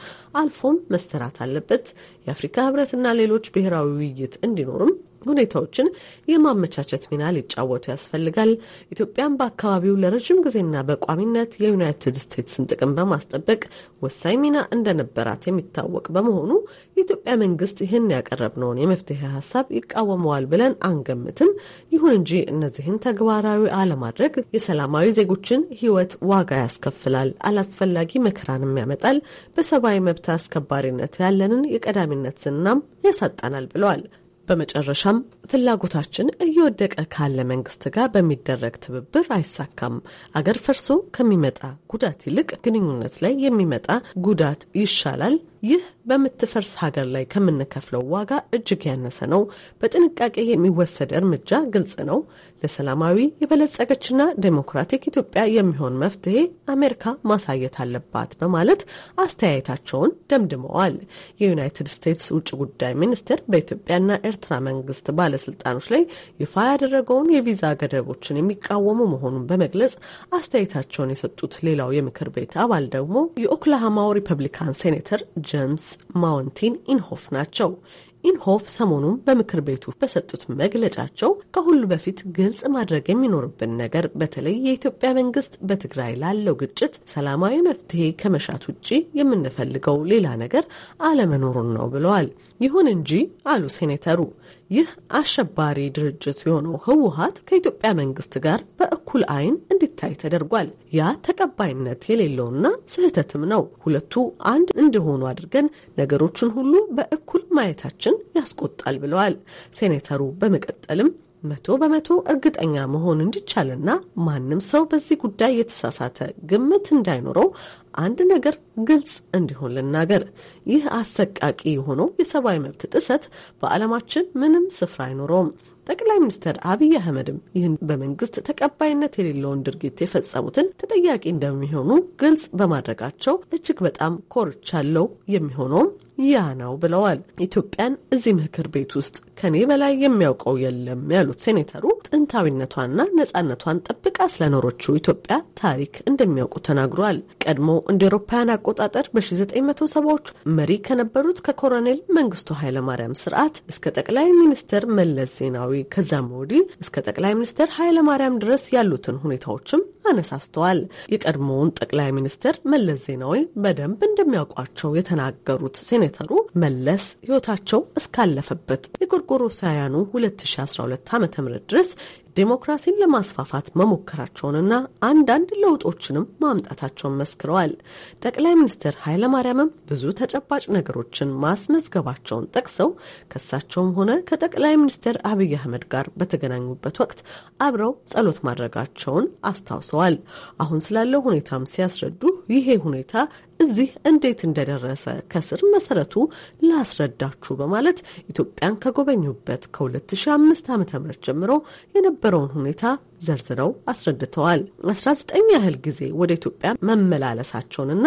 አልፎም መሰራት አለበት። የአፍሪካ ህብረትና ሌሎች ብሔራዊ ውይይት እንዲኖርም ሁኔታዎችን የማመቻቸት ሚና ሊጫወቱ ያስፈልጋል። ኢትዮጵያም በአካባቢው ለረዥም ጊዜና በቋሚነት የዩናይትድ ስቴትስን ጥቅም በማስጠበቅ ወሳኝ ሚና እንደነበራት የሚታወቅ በመሆኑ የኢትዮጵያ መንግስት ይህን ያቀረብነውን የመፍትሄ ሀሳብ ይቃወመዋል ብለን አንገምትም። ይሁን እንጂ እነዚህን ተግባራዊ አለማድረግ የሰላማዊ ዜጎችን ህይወት ዋጋ ያስከፍላል፣ አላስፈላጊ መከራንም ያመጣል። በሰብአዊ መብት አስከባሪነት ያለንን የቀዳሚነት ዝናም ያሳጣናል ብለዋል። በመጨረሻም ፍላጎታችን እየወደቀ ካለ መንግስት ጋር በሚደረግ ትብብር አይሳካም። አገር ፈርሶ ከሚመጣ ጉዳት ይልቅ ግንኙነት ላይ የሚመጣ ጉዳት ይሻላል። ይህ በምትፈርስ ሀገር ላይ ከምንከፍለው ዋጋ እጅግ ያነሰ ነው። በጥንቃቄ የሚወሰድ እርምጃ ግልጽ ነው። ለሰላማዊ የበለጸገችና ዴሞክራቲክ ኢትዮጵያ የሚሆን መፍትሄ አሜሪካ ማሳየት አለባት በማለት አስተያየታቸውን ደምድመዋል። የዩናይትድ ስቴትስ ውጭ ጉዳይ ሚኒስቴር በኢትዮጵያና ኤርትራ መንግስት ባለስልጣኖች ላይ ይፋ ያደረገውን የቪዛ ገደቦችን የሚቃወሙ መሆኑን በመግለጽ አስተያየታቸውን የሰጡት ሌላው የምክር ቤት አባል ደግሞ የኦክላሃማው ሪፐብሊካን ሴኔተር ጄምስ ማውንቲን ኢንሆፍ ናቸው። ኢንሆፍ ሰሞኑን በምክር ቤቱ በሰጡት መግለጫቸው ከሁሉ በፊት ግልጽ ማድረግ የሚኖርብን ነገር በተለይ የኢትዮጵያ መንግስት በትግራይ ላለው ግጭት ሰላማዊ መፍትሄ ከመሻት ውጪ የምንፈልገው ሌላ ነገር አለመኖሩን ነው ብለዋል። ይሁን እንጂ አሉ ሴኔተሩ ይህ አሸባሪ ድርጅት የሆነው ህወሀት ከኢትዮጵያ መንግስት ጋር በእኩል አይን እንዲታይ ተደርጓል። ያ ተቀባይነት የሌለውና ስህተትም ነው። ሁለቱ አንድ እንደሆኑ አድርገን ነገሮችን ሁሉ በእኩል ማየታችን ያስቆጣል ብለዋል ሴኔተሩ በመቀጠልም መቶ በመቶ እርግጠኛ መሆን እንዲቻልና ማንም ሰው በዚህ ጉዳይ የተሳሳተ ግምት እንዳይኖረው አንድ ነገር ግልጽ እንዲሆን ልናገር። ይህ አሰቃቂ የሆነው የሰብአዊ መብት ጥሰት በዓለማችን ምንም ስፍራ አይኖረውም። ጠቅላይ ሚኒስትር አብይ አህመድም ይህን በመንግስት ተቀባይነት የሌለውን ድርጊት የፈጸሙትን ተጠያቂ እንደሚሆኑ ግልጽ በማድረጋቸው እጅግ በጣም ኮርቻለው። የሚሆነውም ያ ነው ብለዋል። ኢትዮጵያን እዚህ ምክር ቤት ውስጥ ከኔ በላይ የሚያውቀው የለም ያሉት ሴኔተሩ ጥንታዊነቷንና ነጻነቷን ጠብቃ ስለኖረችው ኢትዮጵያ ታሪክ እንደሚያውቁ ተናግሯል። ቀድሞ እንደ ኤሮፓውያን አቆጣጠር በ1970ዎቹ መሪ ከነበሩት ከኮሎኔል መንግስቱ ኃይለማርያም ስርዓት እስከ ጠቅላይ ሚኒስትር መለስ ዜናዊ ከዛም ወዲህ እስከ ጠቅላይ ሚኒስትር ኃይለማርያም ድረስ ያሉትን ሁኔታዎችም አነሳስተዋል። የቀድሞውን ጠቅላይ ሚኒስትር መለስ ዜናዊ በደንብ እንደሚያውቋቸው የተናገሩት ሴኔ ዶክሜንተሩ መለስ ህይወታቸው እስካለፈበት የጎርጎሮሳውያኑ 2012 ዓ ም ድረስ ዴሞክራሲን ለማስፋፋት መሞከራቸውንና አንዳንድ ለውጦችንም ማምጣታቸውን መስክረዋል። ጠቅላይ ሚኒስትር ኃይለማርያምም ብዙ ተጨባጭ ነገሮችን ማስመዝገባቸውን ጠቅሰው ከእሳቸውም ሆነ ከጠቅላይ ሚኒስትር አብይ አህመድ ጋር በተገናኙበት ወቅት አብረው ጸሎት ማድረጋቸውን አስታውሰዋል። አሁን ስላለው ሁኔታም ሲያስረዱ ይሄ ሁኔታ እዚህ እንዴት እንደደረሰ ከስር መሰረቱ ላስረዳችሁ በማለት ኢትዮጵያን ከጎበኙበት ከ2005 ዓ.ም ጀምሮ የነበ በነበረውን ሁኔታ ዘርዝረው አስረድተዋል። 19 ያህል ጊዜ ወደ ኢትዮጵያ መመላለሳቸውንና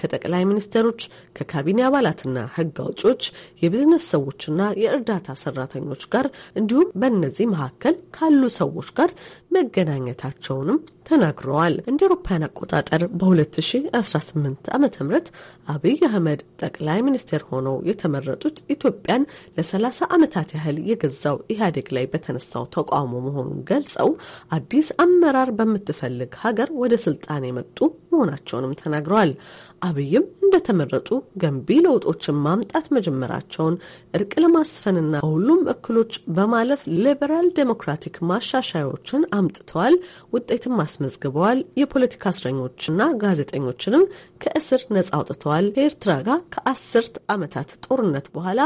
ከጠቅላይ ሚኒስትሮች፣ ከካቢኔ አባላትና ሕግ አውጪዎች፣ የቢዝነስ ሰዎችና የእርዳታ ሰራተኞች ጋር እንዲሁም በእነዚህ መካከል ካሉ ሰዎች ጋር መገናኘታቸውንም ተናግረዋል። እንደ አውሮፓውያን አቆጣጠር በ2018 ዓ ም አብይ አህመድ ጠቅላይ ሚኒስቴር ሆነው የተመረጡት ኢትዮጵያን ለ30 ዓመታት ያህል የገዛው ኢህአዴግ ላይ በተነሳው ተቃውሞ መሆኑን ገልጸው አዲስ አመራር በምትፈልግ ሀገር ወደ ስልጣን የመጡ መሆናቸውንም ተናግረዋል። አብይም እንደተመረጡ ገንቢ ለውጦችን ማምጣት መጀመራቸውን እርቅ ለማስፈንና በሁሉም እክሎች በማለፍ ሊበራል ዴሞክራቲክ ማሻሻያዎችን አምጥተዋል፣ ውጤትም አስመዝግበዋል። የፖለቲካ እስረኞችና ጋዜጠኞችንም ከእስር ነጻ አውጥተዋል። ከኤርትራ ጋር ከአስርት ዓመታት ጦርነት በኋላ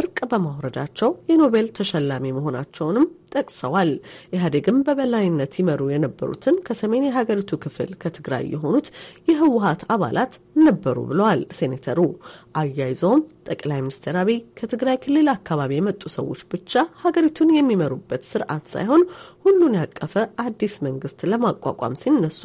እርቅ በማውረዳቸው የኖቤል ተሸላሚ መሆናቸውንም ጠቅሰዋል። ኢህአዴግም በበላይነት ይመሩ የነበሩትን ከሰሜን የሀገሪቱ ክፍል ከትግራይ የሆኑት የህወሀት አባላት ነበሩ ብለዋል ሴኔተሩ። አያይዘውም ጠቅላይ ሚኒስትር አብይ ከትግራይ ክልል አካባቢ የመጡ ሰዎች ብቻ ሀገሪቱን የሚመሩበት ስርዓት ሳይሆን ሁሉን ያቀፈ አዲስ መንግስት ለማቋቋም ሲነሱ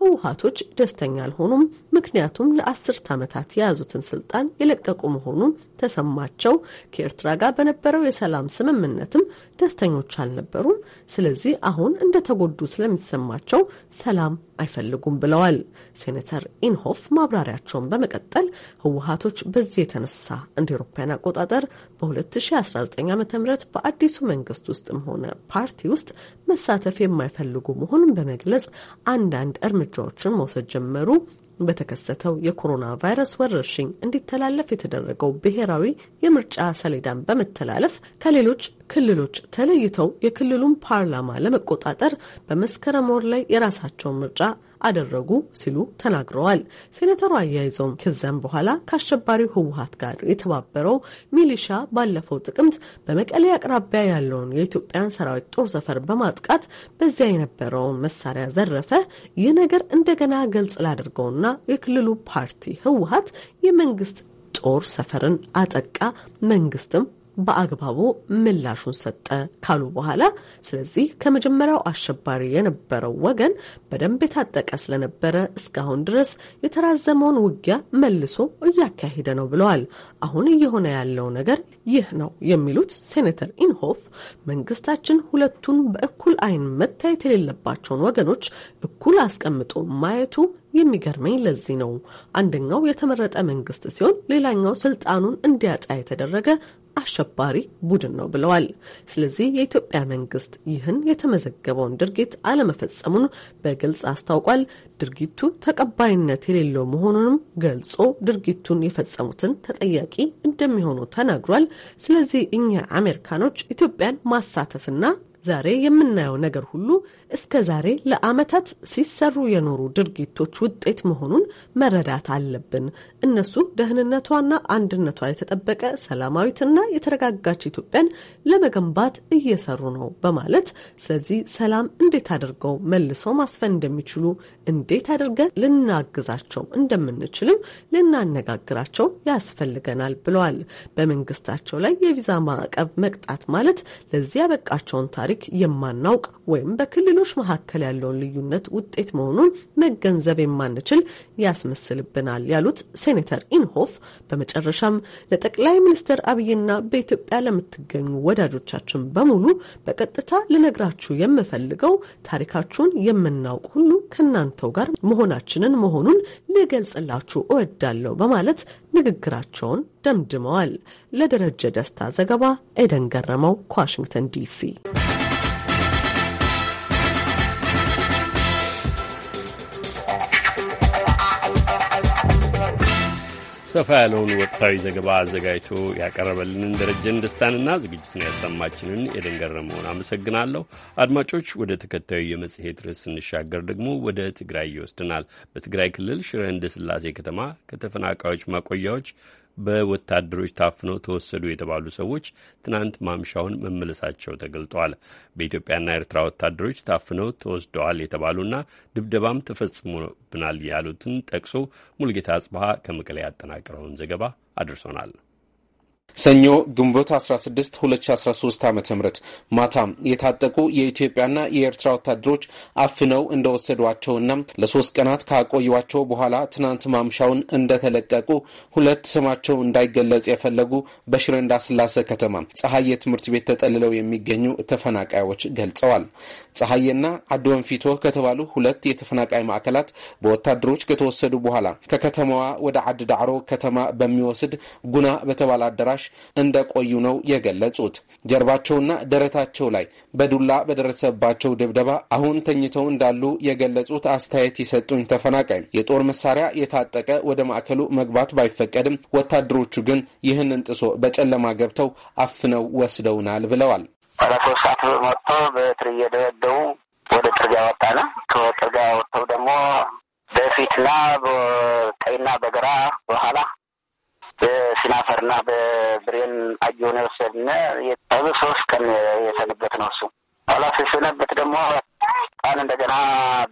ህወሀቶች ደስተኛ አልሆኑም። ምክንያቱም ለአስርት ዓመታት የያዙትን ስልጣን የለቀቁ መሆኑን ተሰማቸው። ከኤርትራ ጋር በነበረው የሰላም ስምምነትም ደስተኞች አል አልነበሩም። ስለዚህ አሁን እንደተጎዱ ስለሚሰማቸው ሰላም አይፈልጉም ብለዋል። ሴኔተር ኢንሆፍ ማብራሪያቸውን በመቀጠል ህወሀቶች በዚህ የተነሳ እንደ አውሮፓውያን አቆጣጠር በ2019 ዓ ም በአዲሱ መንግስት ውስጥም ሆነ ፓርቲ ውስጥ መሳተፍ የማይፈልጉ መሆኑን በመግለጽ አንዳንድ እርምጃዎችን መውሰድ ጀመሩ። በተከሰተው የኮሮና ቫይረስ ወረርሽኝ እንዲተላለፍ የተደረገው ብሔራዊ የምርጫ ሰሌዳን በመተላለፍ ከሌሎች ክልሎች ተለይተው የክልሉን ፓርላማ ለመቆጣጠር በመስከረም ወር ላይ የራሳቸውን ምርጫ አደረጉ ሲሉ ተናግረዋል። ሴኔተሩ አያይዘውም ከዚያም በኋላ ከአሸባሪው ህወሀት ጋር የተባበረው ሚሊሻ ባለፈው ጥቅምት በመቀሌ አቅራቢያ ያለውን የኢትዮጵያን ሰራዊት ጦር ሰፈር በማጥቃት በዚያ የነበረውን መሳሪያ ዘረፈ። ይህ ነገር እንደገና ገልጽ ላደርገውና የክልሉ ፓርቲ ህወሀት የመንግስት ጦር ሰፈርን አጠቃ፣ መንግስትም በአግባቡ ምላሹን ሰጠ ካሉ በኋላ ስለዚህ ከመጀመሪያው አሸባሪ የነበረው ወገን በደንብ የታጠቀ ስለነበረ እስካሁን ድረስ የተራዘመውን ውጊያ መልሶ እያካሄደ ነው ብለዋል። አሁን እየሆነ ያለው ነገር ይህ ነው የሚሉት ሴኔተር ኢንሆፍ መንግስታችን ሁለቱን በእኩል አይን መታየት የሌለባቸውን ወገኖች እኩል አስቀምጦ ማየቱ የሚገርመኝ ለዚህ ነው። አንደኛው የተመረጠ መንግስት ሲሆን ሌላኛው ስልጣኑን እንዲያጣ የተደረገ አሸባሪ ቡድን ነው ብለዋል። ስለዚህ የኢትዮጵያ መንግስት ይህን የተመዘገበውን ድርጊት አለመፈጸሙን በግልጽ አስታውቋል። ድርጊቱ ተቀባይነት የሌለው መሆኑንም ገልጾ ድርጊቱን የፈጸሙትን ተጠያቂ እንደሚሆኑ ተናግሯል። ስለዚህ እኛ አሜሪካኖች ኢትዮጵያን ማሳተፍና ዛሬ የምናየው ነገር ሁሉ እስከ ዛሬ ለዓመታት ሲሰሩ የኖሩ ድርጊቶች ውጤት መሆኑን መረዳት አለብን። እነሱ ደህንነቷና አንድነቷ የተጠበቀ ሰላማዊትና የተረጋጋች ኢትዮጵያን ለመገንባት እየሰሩ ነው በማለት ስለዚህ ሰላም እንዴት አድርገው መልሰው ማስፈን እንደሚችሉ እንዴት አድርገን ልናግዛቸው እንደምንችልም ልናነጋግራቸው ያስፈልገናል ብለዋል። በመንግስታቸው ላይ የቪዛ ማዕቀብ መቅጣት ማለት ለዚህ ያበቃቸውን ታሪክ ታሪክ የማናውቅ ወይም በክልሎች መካከል ያለውን ልዩነት ውጤት መሆኑን መገንዘብ የማንችል ያስመስልብናል ያሉት ሴኔተር ኢንሆፍ በመጨረሻም ለጠቅላይ ሚኒስትር አብይና በኢትዮጵያ ለምትገኙ ወዳጆቻችን በሙሉ በቀጥታ ልነግራችሁ የምፈልገው ታሪካችሁን የምናውቅ ሁሉ ከእናንተው ጋር መሆናችንን መሆኑን ልገልጽላችሁ እወዳለሁ በማለት ንግግራቸውን ደምድመዋል። ለደረጀ ደስታ ዘገባ ኤደን ገረመው ከዋሽንግተን ዲሲ ሰፋ ያለውን ወቅታዊ ዘገባ አዘጋጅቶ ያቀረበልንን ደረጀን ደስታንና ዝግጅትን ያሰማችንን የደንገረ መሆን አመሰግናለሁ። አድማጮች፣ ወደ ተከታዩ የመጽሔት ርዕስ ስንሻገር ደግሞ ወደ ትግራይ ይወስድናል። በትግራይ ክልል ሽረ እንደ ስላሴ ከተማ ከተፈናቃዮች ማቆያዎች በወታደሮች ታፍነው ተወሰዱ የተባሉ ሰዎች ትናንት ማምሻውን መመለሳቸው ተገልጧል። በኢትዮጵያና ኤርትራ ወታደሮች ታፍነው ተወስደዋል የተባሉና ድብደባም ተፈጽሞብናል ያሉትን ጠቅሶ ሙልጌታ አጽበሀ ከመቀሌ ያጠናቀረውን ዘገባ አድርሶናል። ሰኞ ግንቦት 16 2013 ዓ ም ማታ የታጠቁ የኢትዮጵያና የኤርትራ ወታደሮች አፍነው እንደወሰዷቸውና ለሶስት ቀናት ካቆዩቸው በኋላ ትናንት ማምሻውን እንደተለቀቁ ሁለት ስማቸው እንዳይገለጽ የፈለጉ በሽረ እንዳስላሴ ከተማ ፀሐየ ትምህርት ቤት ተጠልለው የሚገኙ ተፈናቃዮች ገልጸዋል። ፀሐዬና አድወንፊቶ ከተባሉ ሁለት የተፈናቃይ ማዕከላት በወታደሮች ከተወሰዱ በኋላ ከከተማዋ ወደ አድዳዕሮ ከተማ በሚወስድ ጉና በተባለ አዳራሽ ግማሽ እንደቆዩ ነው የገለጹት። ጀርባቸውና ደረታቸው ላይ በዱላ በደረሰባቸው ድብደባ አሁን ተኝተው እንዳሉ የገለጹት አስተያየት የሰጡኝ ተፈናቃይ የጦር መሳሪያ የታጠቀ ወደ ማዕከሉ መግባት ባይፈቀድም ወታደሮቹ ግን ይህንን ጥሶ በጨለማ ገብተው አፍነው ወስደውናል ብለዋል። አራት ሰዓት መጥቶ በትር እየደበደቡ ወደ ጥርጋ ወጣነ። ከጥርጋ ወጥተው ደግሞ በፊትና በቀኝና በግራ በኋላ በስናፈርና በብሬን አየሆነ የወሰድነ የታዘ ሶስት ቀን የሰንበት ነው እሱ ኋላ ስሰነበት ደግሞ ቃን እንደገና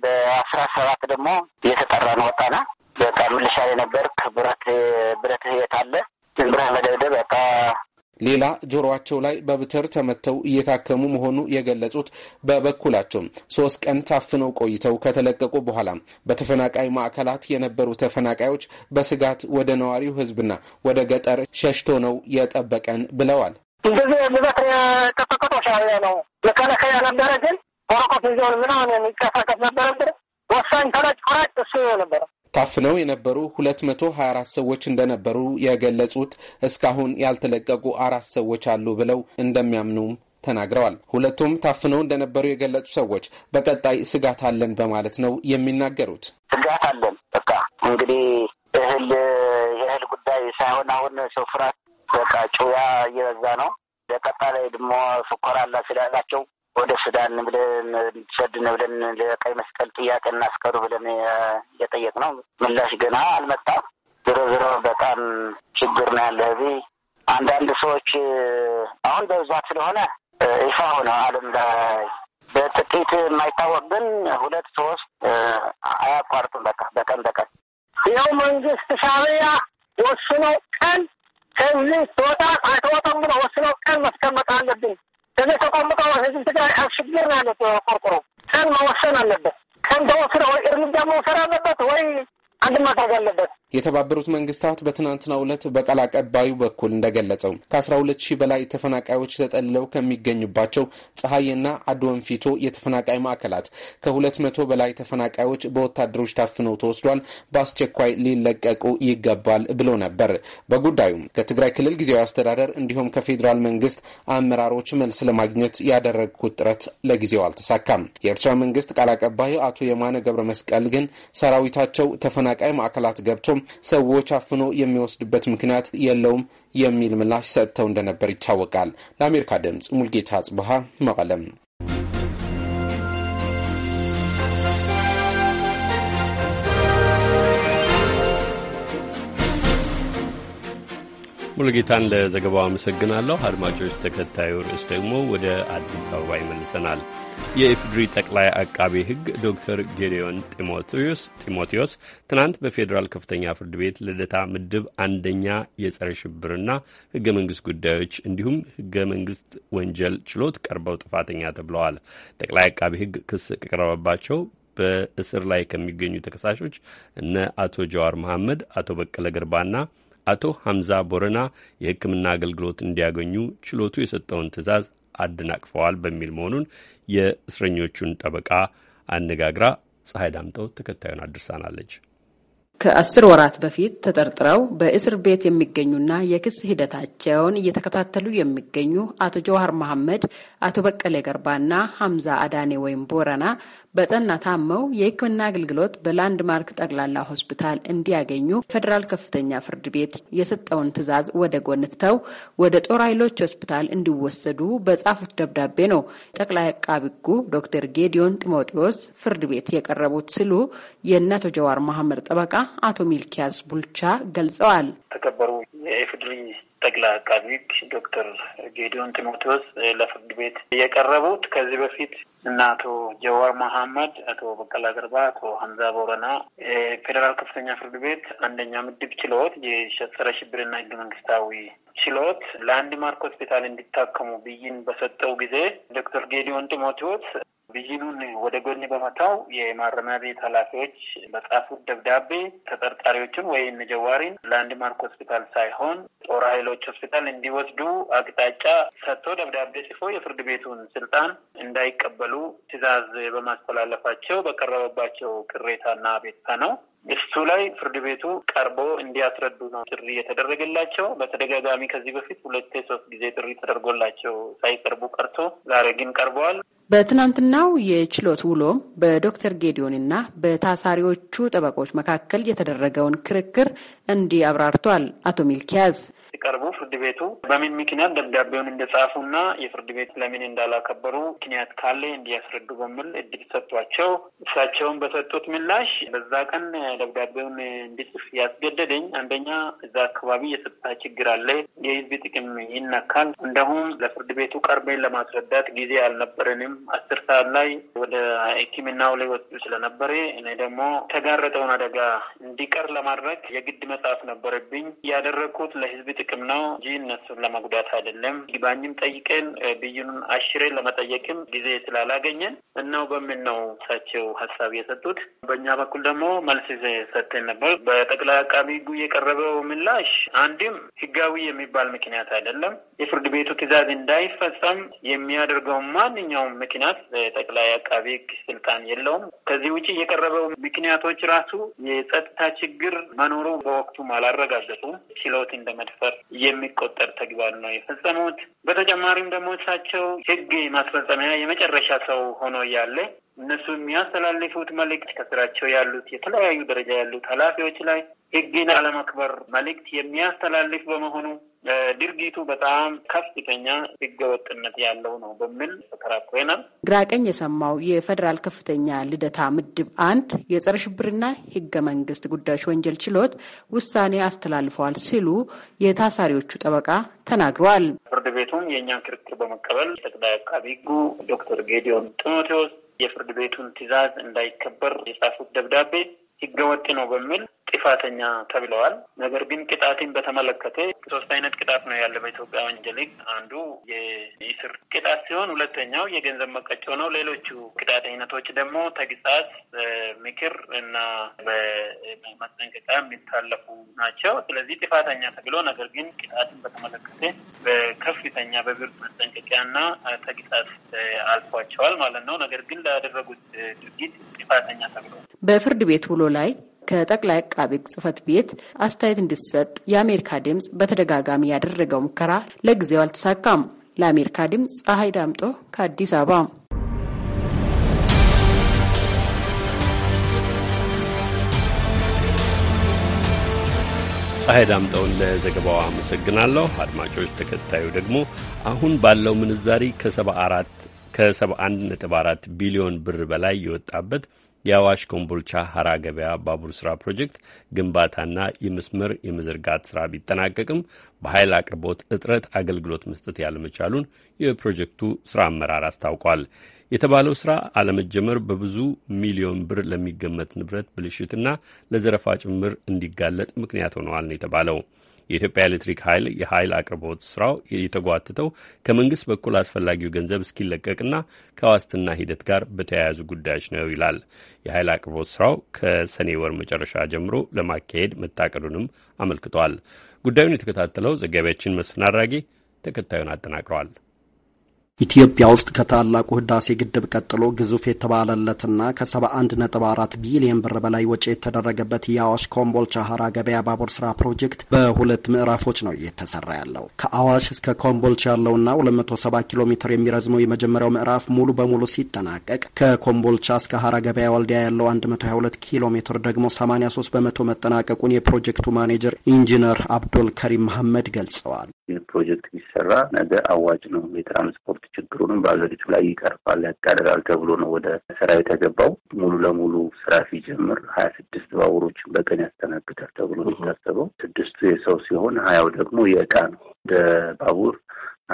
በአስራ ሰባት ደግሞ እየተጠራ ነው ወጣና በቃ ምልሻ የነበር ብረት ብረት ህየት አለ ዝም ብረህ መደብደብ በቃ ሌላ ጆሮአቸው ላይ በብትር ተመተው እየታከሙ መሆኑ የገለጹት በበኩላቸው ሶስት ቀን ታፍነው ቆይተው ከተለቀቁ በኋላ በተፈናቃይ ማዕከላት የነበሩ ተፈናቃዮች በስጋት ወደ ነዋሪው ሕዝብና ወደ ገጠር ሸሽቶ ነው የጠበቀን ብለዋል። እንደዚህ ብዛት የተፈቀጠው ነው። መከላከያ ነበረ፣ ግን ወረቀት ይዞ ምናምን ወሳኝ ተለጭ ቆራጭ እሱ ነበረ ታፍነው የነበሩ 224 ሰዎች እንደነበሩ የገለጹት እስካሁን ያልተለቀቁ አራት ሰዎች አሉ ብለው እንደሚያምኑ ተናግረዋል። ሁለቱም ታፍነው እንደነበሩ የገለጹ ሰዎች በቀጣይ ስጋት አለን በማለት ነው የሚናገሩት። ስጋት አለን በቃ እንግዲህ እህል የእህል ጉዳይ ሳይሆን አሁን ሰው ፍራት በቃ ጩያ እየበዛ ነው። ለቀጣላይ ደግሞ ስኮር አላ ስላላቸው ወደ ሱዳን ብለን እንዲሰድን ብለን ለቀይ መስቀል ጥያቄ እናስቀሩ ብለን ነው ምላሽ ገና አልመጣም። ዝሮ ዝሮ በጣም ችግር ነው ያለ እዚህ አንዳንድ ሰዎች አሁን በብዛት ስለሆነ ይፋ ሆነ ዓለም ላይ በጥቂት የማይታወቅ ግን ሁለት ሶስት አያቋርጡም። በቃ በቀን በቀን ይኸው መንግስት ሻዕቢያ ወስኖ ቀን ከዚህ ትወጣ አትወጣም ብሎ ወስኖ ቀን ማስቀመጥ አለብን እዚህ ተቀምጠው ህዝብ ትግራይ አስቸግር ያለት ቆርቆሮ ቀን መወሰን አለበት። ቀን ተወስነ ወይ እርምጃ መውሰድ አለበት ወይ አንድ ማድረግ አለበት። የተባበሩት መንግስታት በትናንትናው ዕለት በቃል አቀባዩ በኩል እንደገለጸው ከአስራ ሁለት ሺህ በላይ ተፈናቃዮች ተጠልለው ከሚገኙባቸው ፀሐይና ፊቶ የተፈናቃይ ማዕከላት ከሁለት መቶ በላይ ተፈናቃዮች በወታደሮች ታፍነው ተወስዷል፣ በአስቸኳይ ሊለቀቁ ይገባል ብሎ ነበር። በጉዳዩም ከትግራይ ክልል ጊዜያዊ አስተዳደር እንዲሁም ከፌዴራል መንግስት አመራሮች መልስ ለማግኘት ያደረግኩት ጥረት ለጊዜው አልተሳካም። የኤርትራ መንግስት ቃል አቀባዩ አቶ የማነ ገብረ መስቀል ግን ሰራዊታቸው ተፈና ተፈናቃይ ማዕከላት ገብቶ ሰዎች አፍኖ የሚወስድበት ምክንያት የለውም የሚል ምላሽ ሰጥተው እንደነበር ይታወቃል። ለአሜሪካ ድምፅ ሙልጌታ አጽብሃ መቀለም ሙሉጌታን ለዘገባው አመሰግናለሁ። አድማጮች፣ ተከታዩ ርዕስ ደግሞ ወደ አዲስ አበባ ይመልሰናል። የኢፌዴሪ ጠቅላይ አቃቤ ሕግ ዶክተር ጌዲዮን ጢሞቴዎስ ትናንት በፌዴራል ከፍተኛ ፍርድ ቤት ልደታ ምድብ አንደኛ የጸረ ሽብርና ሕገ መንግስት ጉዳዮች እንዲሁም ሕገ መንግስት ወንጀል ችሎት ቀርበው ጥፋተኛ ተብለዋል። ጠቅላይ አቃቤ ሕግ ክስ ከቀረበባቸው በእስር ላይ ከሚገኙ ተከሳሾች እነ አቶ ጀዋር መሐመድ፣ አቶ በቀለ ገርባና አቶ ሐምዛ ቦረና የሕክምና አገልግሎት እንዲያገኙ ችሎቱ የሰጠውን ትዕዛዝ አደናቅፈዋል በሚል መሆኑን የእስረኞቹን ጠበቃ አነጋግራ ፀሐይ ዳምጠው ተከታዩን አድርሳናለች። ከአስር ወራት በፊት ተጠርጥረው በእስር ቤት የሚገኙና የክስ ሂደታቸውን እየተከታተሉ የሚገኙ አቶ ጀዋሃር መሐመድ፣ አቶ በቀሌ ገርባና ሀምዛ አዳኔ ወይም ቦረና በጠና ታመው የሕክምና አገልግሎት በላንድማርክ ጠቅላላ ሆስፒታል እንዲያገኙ ፌዴራል ከፍተኛ ፍርድ ቤት የሰጠውን ትዕዛዝ ወደ ጎን ትተው ወደ ጦር ኃይሎች ሆስፒታል እንዲወሰዱ በጻፉት ደብዳቤ ነው ጠቅላይ አቃቤ ሕጉ ዶክተር ጌዲዮን ጢሞቴዎስ ፍርድ ቤት የቀረቡት ሲሉ የእናቶ ጀዋር መሐመድ ጠበቃ አቶ ሚልኪያስ ቡልቻ ገልጸዋል። ተከበሩ የኢፌዴሪ ጠቅላይ አቃቢ ሕግ ዶክተር ጌዲዮን ጢሞቴዎስ ለፍርድ ቤት የቀረቡት ከዚህ በፊት እና አቶ ጀዋር መሐመድ፣ አቶ በቀላ ገርባ፣ አቶ ሀምዛ ቦረና ፌዴራል ከፍተኛ ፍርድ ቤት አንደኛ ምድብ ችሎት የጸረ ሽብርና ህገ መንግስታዊ ችሎት ለአንድ ማርክ ሆስፒታል እንዲታከሙ ብይን በሰጠው ጊዜ ዶክተር ጌዲዮን ጢሞቴዎስ ብይኑን ወደ ጎን በመታው የማረሚያ ቤት ኃላፊዎች በጻፉት ደብዳቤ ተጠርጣሪዎችን ወይ እነ ጀዋሪን ላንድማርክ ሆስፒታል ሳይሆን ጦር ኃይሎች ሆስፒታል እንዲወስዱ አቅጣጫ ሰጥቶ ደብዳቤ ጽፎ የፍርድ ቤቱን ስልጣን እንዳይቀበሉ ትዕዛዝ በማስተላለፋቸው በቀረበባቸው ቅሬታና አቤቱታ ነው። እሱ ላይ ፍርድ ቤቱ ቀርቦ እንዲያስረዱ ነው ጥሪ የተደረገላቸው። በተደጋጋሚ ከዚህ በፊት ሁለቴ ሶስት ጊዜ ጥሪ ተደርጎላቸው ሳይቀርቡ ቀርቶ ዛሬ ግን ቀርበዋል። በትናንትናው የችሎት ውሎ በዶክተር ጌዲዮንና በታሳሪዎቹ ጠበቆች መካከል የተደረገውን ክርክር እንዲህ አብራርቷል አቶ ሚልኪያዝ ሲቀርቡ ፍርድ ቤቱ በምን ምክንያት ደብዳቤውን እንደጻፉና የፍርድ ቤት ለምን እንዳላከበሩ ምክንያት ካለ እንዲያስረዱ በሚል እድል ሰጥቷቸው እሳቸውን በሰጡት ምላሽ በዛ ቀን ደብዳቤውን እንዲጽፍ ያስገደደኝ አንደኛ እዛ አካባቢ የጸጥታ ችግር አለ፣ የህዝብ ጥቅም ይነካል፣ እንደሁም ለፍርድ ቤቱ ቀርበን ለማስረዳት ጊዜ አልነበረንም። አስር ሰዓት ላይ ወደ ሕክምናው ላይ ወጡ ስለነበረ እኔ ደግሞ የተጋረጠውን አደጋ እንዲቀር ለማድረግ የግድ መጽሐፍ ነበረብኝ። ያደረግኩት ለህዝብ ጥቅም ነው። እንጂ እነሱን ለመጉዳት አይደለም። ይግባኝም ጠይቀን ብይኑን አሽሬን ለመጠየቅም ጊዜ ስላላገኘን እናው በሚል ነው እሳቸው ሀሳብ የሰጡት። በእኛ በኩል ደግሞ መልስ ሰጥተን ነበር። በጠቅላይ አቃቢ ሕጉ የቀረበው ምላሽ አንድም ህጋዊ የሚባል ምክንያት አይደለም። የፍርድ ቤቱ ትዕዛዝ እንዳይፈጸም የሚያደርገው ማንኛውም ምክንያት ጠቅላይ አቃቢ ሕግ ስልጣን የለውም። ከዚህ ውጭ የቀረበው ምክንያቶች ራሱ የጸጥታ ችግር መኖሩ በወቅቱም አላረጋገጡም። ችሎት እንደ መድፈር የሚቆጠር ተግባር ነው የፈጸሙት። በተጨማሪም ደግሞ እሳቸው ህግ ማስፈጸሚያ የመጨረሻ ሰው ሆኖ እያለ እነሱ የሚያስተላልፉት መልእክት ከስራቸው ያሉት የተለያዩ ደረጃ ያሉት ኃላፊዎች ላይ ህግን አለማክበር መልእክት የሚያስተላልፍ በመሆኑ ድርጊቱ በጣም ከፍተኛ ህገወጥነት ያለው ነው በሚል ተከራክረናል። ግራ ቀኝ የሰማው የፌዴራል ከፍተኛ ልደታ ምድብ አንድ የጸረ ሽብርና ህገ መንግስት ጉዳዮች ወንጀል ችሎት ውሳኔ አስተላልፈዋል ሲሉ የታሳሪዎቹ ጠበቃ ተናግረዋል። ፍርድ ቤቱም የእኛን ክርክር በመቀበል ጠቅላይ አቃቢ ህጉ ዶክተር ጌዲዮን ጢሞቴዎስ የፍርድ ቤቱን ትዕዛዝ እንዳይከበር የጻፉት ደብዳቤ ህገወጥ ነው በሚል ጥፋተኛ ተብለዋል። ነገር ግን ቅጣትን በተመለከተ ሶስት አይነት ቅጣት ነው ያለ በኢትዮጵያ ወንጀል ህግ። አንዱ የእስር ቅጣት ሲሆን ሁለተኛው የገንዘብ መቀጮ ነው። ሌሎቹ ቅጣት አይነቶች ደግሞ ተግሳጽ፣ ምክር እና በማስጠንቀቂያ የሚታለፉ ናቸው። ስለዚህ ጥፋተኛ ተብሎ ነገር ግን ቅጣትን በተመለከተ በከፍተኛ በብር ማስጠንቀቂያ እና ተግሳጽ አልፏቸዋል ማለት ነው። ነገር ግን ላደረጉት ድርጊት ጥፋተኛ ተብሎ በፍርድ ቤት ውሎ ላይ ከጠቅላይ አቃቤ ሕግ ጽህፈት ቤት አስተያየት እንዲሰጥ የአሜሪካ ድምፅ በተደጋጋሚ ያደረገው ሙከራ ለጊዜው አልተሳካም። ለአሜሪካ ድምፅ ፀሐይ ዳምጦ ከአዲስ አበባ። ፀሐይ ዳምጠውን ለዘገባው አመሰግናለሁ። አድማጮች፣ ተከታዩ ደግሞ አሁን ባለው ምንዛሪ ከ 74 ቢሊዮን ብር በላይ የወጣበት የአዋሽ ኮምቦልቻ ሀራ ገበያ ባቡር ስራ ፕሮጀክት ግንባታና የመስመር የመዘርጋት ስራ ቢጠናቀቅም በኃይል አቅርቦት እጥረት አገልግሎት መስጠት ያለመቻሉን የፕሮጀክቱ ስራ አመራር አስታውቋል። የተባለው ስራ አለመጀመር በብዙ ሚሊዮን ብር ለሚገመት ንብረት ብልሽትና ለዘረፋ ጭምር እንዲጋለጥ ምክንያት ሆነዋል ነው የተባለው። የኢትዮጵያ ኤሌክትሪክ ኃይል የኃይል አቅርቦት ስራው የተጓተተው ከመንግስት በኩል አስፈላጊው ገንዘብ እስኪለቀቅና ከዋስትና ሂደት ጋር በተያያዙ ጉዳዮች ነው ይላል። የኃይል አቅርቦት ስራው ከሰኔ ወር መጨረሻ ጀምሮ ለማካሄድ መታቀዱንም አመልክቷል። ጉዳዩን የተከታተለው ዘጋቢያችን መስፍን አድራጌ ተከታዩን አጠናቅረዋል። ኢትዮጵያ ውስጥ ከታላቁ ህዳሴ ግድብ ቀጥሎ ግዙፍ የተባለለትና ከ71.4 ቢሊዮን ብር በላይ ወጪ የተደረገበት የአዋሽ ኮምቦልቻ ሀራ ገበያ ባቡር ስራ ፕሮጀክት በሁለት ምዕራፎች ነው እየተሰራ ያለው። ከአዋሽ እስከ ኮምቦልቻ ያለውና 270 ኪሎ ሜትር የሚረዝመው የመጀመሪያው ምዕራፍ ሙሉ በሙሉ ሲጠናቀቅ ከኮምቦልቻ እስከ ሀራ ገበያ ወልዲያ ያለው 122 ኪሎ ሜትር ደግሞ 83 በመቶ መጠናቀቁን የፕሮጀክቱ ማኔጀር ኢንጂነር አብዶል ከሪም መሐመድ ገልጸዋል። ይህ ፕሮጀክት ቢሰራ ነገ አዋጭ ነው፣ የትራንስፖርት ችግሩንም በሀገሪቱ ላይ ይቀርፋል፣ ያቃደራል ተብሎ ነው ወደ ስራ የተገባው። ሙሉ ለሙሉ ስራ ሲጀምር ሀያ ስድስት ባቡሮችን በቀን ያስተናግዳል ተብሎ ነው የታሰበው። ስድስቱ የሰው ሲሆን ሀያው ደግሞ የእቃ ነው። ወደ ባቡር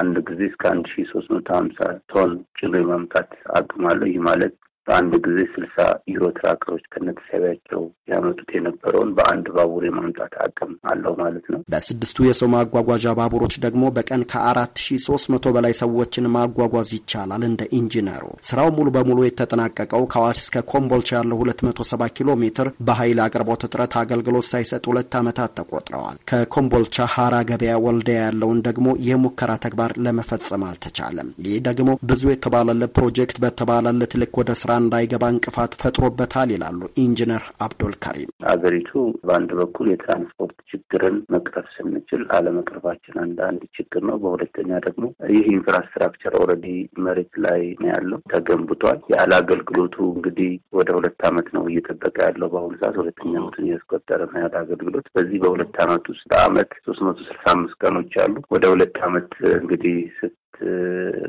አንድ ጊዜ እስከ አንድ ሺ ሶስት መቶ ሀምሳ ቶን ጭኖ የማምጣት አቅም አለው። ይህ ማለት በአንድ ጊዜ ስልሳ ዩሮ ትራክተሮች ከነተሳቢያቸው ያመጡት የነበረውን በአንድ ባቡር የማምጣት አቅም አለው ማለት ነው። በስድስቱ የሰው ማጓጓዣ ባቡሮች ደግሞ በቀን ከአራት ሺ ሶስት መቶ በላይ ሰዎችን ማጓጓዝ ይቻላል። እንደ ኢንጂነሩ ስራው ሙሉ በሙሉ የተጠናቀቀው ከአዋሽ እስከ ኮምቦልቻ ያለው ሁለት መቶ ሰባ ኪሎ ሜትር በኃይል አቅርቦት እጥረት አገልግሎት ሳይሰጥ ሁለት ዓመታት ተቆጥረዋል። ከኮምቦልቻ ሀራ ገበያ ወልዲያ ያለውን ደግሞ የሙከራ ተግባር ለመፈጸም አልተቻለም። ይህ ደግሞ ብዙ የተባለለት ፕሮጀክት በተባለለት ልክ ወደ ስራ እንዳይገባ እንቅፋት ፈጥሮበታል ይላሉ ኢንጂነር አብዶል ካሪም። አገሪቱ በአንድ በኩል የትራንስፖርት ችግርን መቅረፍ ስንችል አለመቅረፋችን አንድ አንድ ችግር ነው። በሁለተኛ ደግሞ ይህ ኢንፍራስትራክቸር ኦልሬዲ መሬት ላይ ነው ያለው፣ ተገንብቷል። ያለ አገልግሎቱ እንግዲህ ወደ ሁለት ዓመት ነው እየጠበቀ ያለው በአሁኑ ሰዓት ሁለተኛ ዓመቱን እያስቆጠረ ነው ያለ አገልግሎት። በዚህ በሁለት አመት ውስጥ በዓመት ሶስት መቶ ስልሳ አምስት ቀኖች አሉ። ወደ ሁለት ዓመት እንግዲህ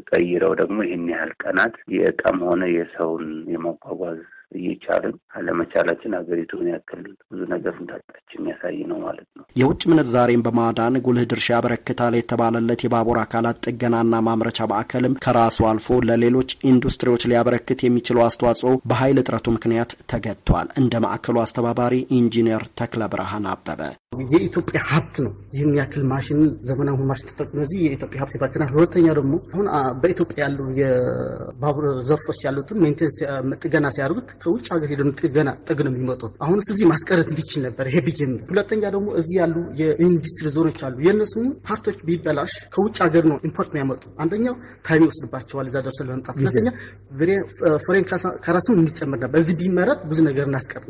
ቀይረው ደግሞ ይህን ያህል ቀናት የእቃም ሆነ የሰውን የማጓጓዝ እየቻልን አለመቻላችን ሀገሪቱን ያክል ብዙ ነገር እንዳጣች የሚያሳይ ነው ማለት ነው። የውጭ ምንዛሬን በማዳን ጉልህ ድርሻ ያበረክታል የተባለለት የባቡር አካላት ጥገናና ማምረቻ ማዕከልም ከራሱ አልፎ ለሌሎች ኢንዱስትሪዎች ሊያበረክት የሚችለው አስተዋጽኦ በኃይል እጥረቱ ምክንያት ተገጥቷል። እንደ ማዕከሉ አስተባባሪ ኢንጂነር ተክለ ብርሃን አበበ የኢትዮጵያ ሀብት ነው። ይህን ያክል ማሽን ዘመናዊ ማሽን ተጠቅሞ እዚህ የኢትዮጵያ ሀብት ይባክናል። ሁለተኛ ደግሞ አሁን በኢትዮጵያ ያሉ የባቡር ዘርፎች ያሉትን ሜንቴንስ ጥገና ሲያደርጉት ከውጭ ሀገር ሄደ ጥገና ነው የሚመጡት አሁን እዚህ ማስቀረት እንዲችል ነበር ይሄ ብዬ ሁለተኛ ደግሞ እዚህ ያሉ የኢንዱስትሪ ዞኖች አሉ። የእነሱም ፓርቶች ቢበላሽ ከውጭ ሀገር ነው ኢምፖርት የሚያመጡ አንደኛው ታይም ይወስድባቸዋል እዛ ደርሶ ለመምጣት፣ ሁለተኛ ፎሬን ከራሱን እንዲጨምር ነበር። እዚህ ቢመረት ብዙ ነገር እናስቀር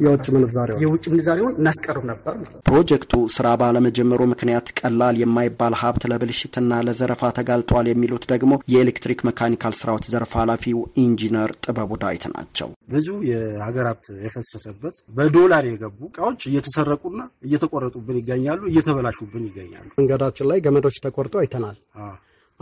የውጭ ምንዛሬውን እናስቀርብ ነበር። ፕሮጀክቱ ስራ ባለመጀመሩ ምክንያት ቀላል የማይባል ሀብት ለብልሽትና ለዘረፋ ተጋልጧል የሚሉት ደግሞ የኤሌክትሪክ መካኒካል ስራዎች ዘርፍ ኃላፊው ኢንጂነር ጥበቡ ዳዊት ናቸው። ብዙ ሀገር ሀብት የፈሰሰበት በዶላር የገቡ እቃዎች እየተሰረቁና እየተቆረጡብን ይገኛሉ፣ እየተበላሹብን ይገኛሉ። መንገዳችን ላይ ገመዶች ተቆርጦ አይተናል።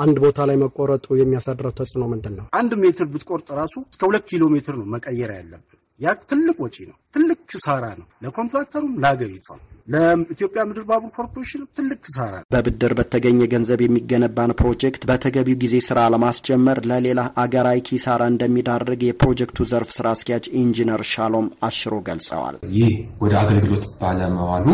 አንድ ቦታ ላይ መቆረጡ የሚያሳድረው ተጽዕኖ ምንድን ነው? አንድ ሜትር ብትቆርጥ ራሱ እስከ ሁለት ኪሎ ሜትር ነው መቀየር ያለብን። ያ ትልቅ ወጪ ነው፣ ትልቅ ኪሳራ ነው ለኮንትራክተሩም ለሀገሪቷም። ለኢትዮጵያ ምድር ባቡር ኮርፖሬሽን ትልቅ ሳራ በብድር በተገኘ ገንዘብ የሚገነባን ፕሮጀክት በተገቢው ጊዜ ስራ ለማስጀመር ለሌላ አገራዊ ኪሳራ እንደሚዳርግ የፕሮጀክቱ ዘርፍ ስራ አስኪያጅ ኢንጂነር ሻሎም አሽሮ ገልጸዋል። ይህ ወደ አገልግሎት ባለመዋሉ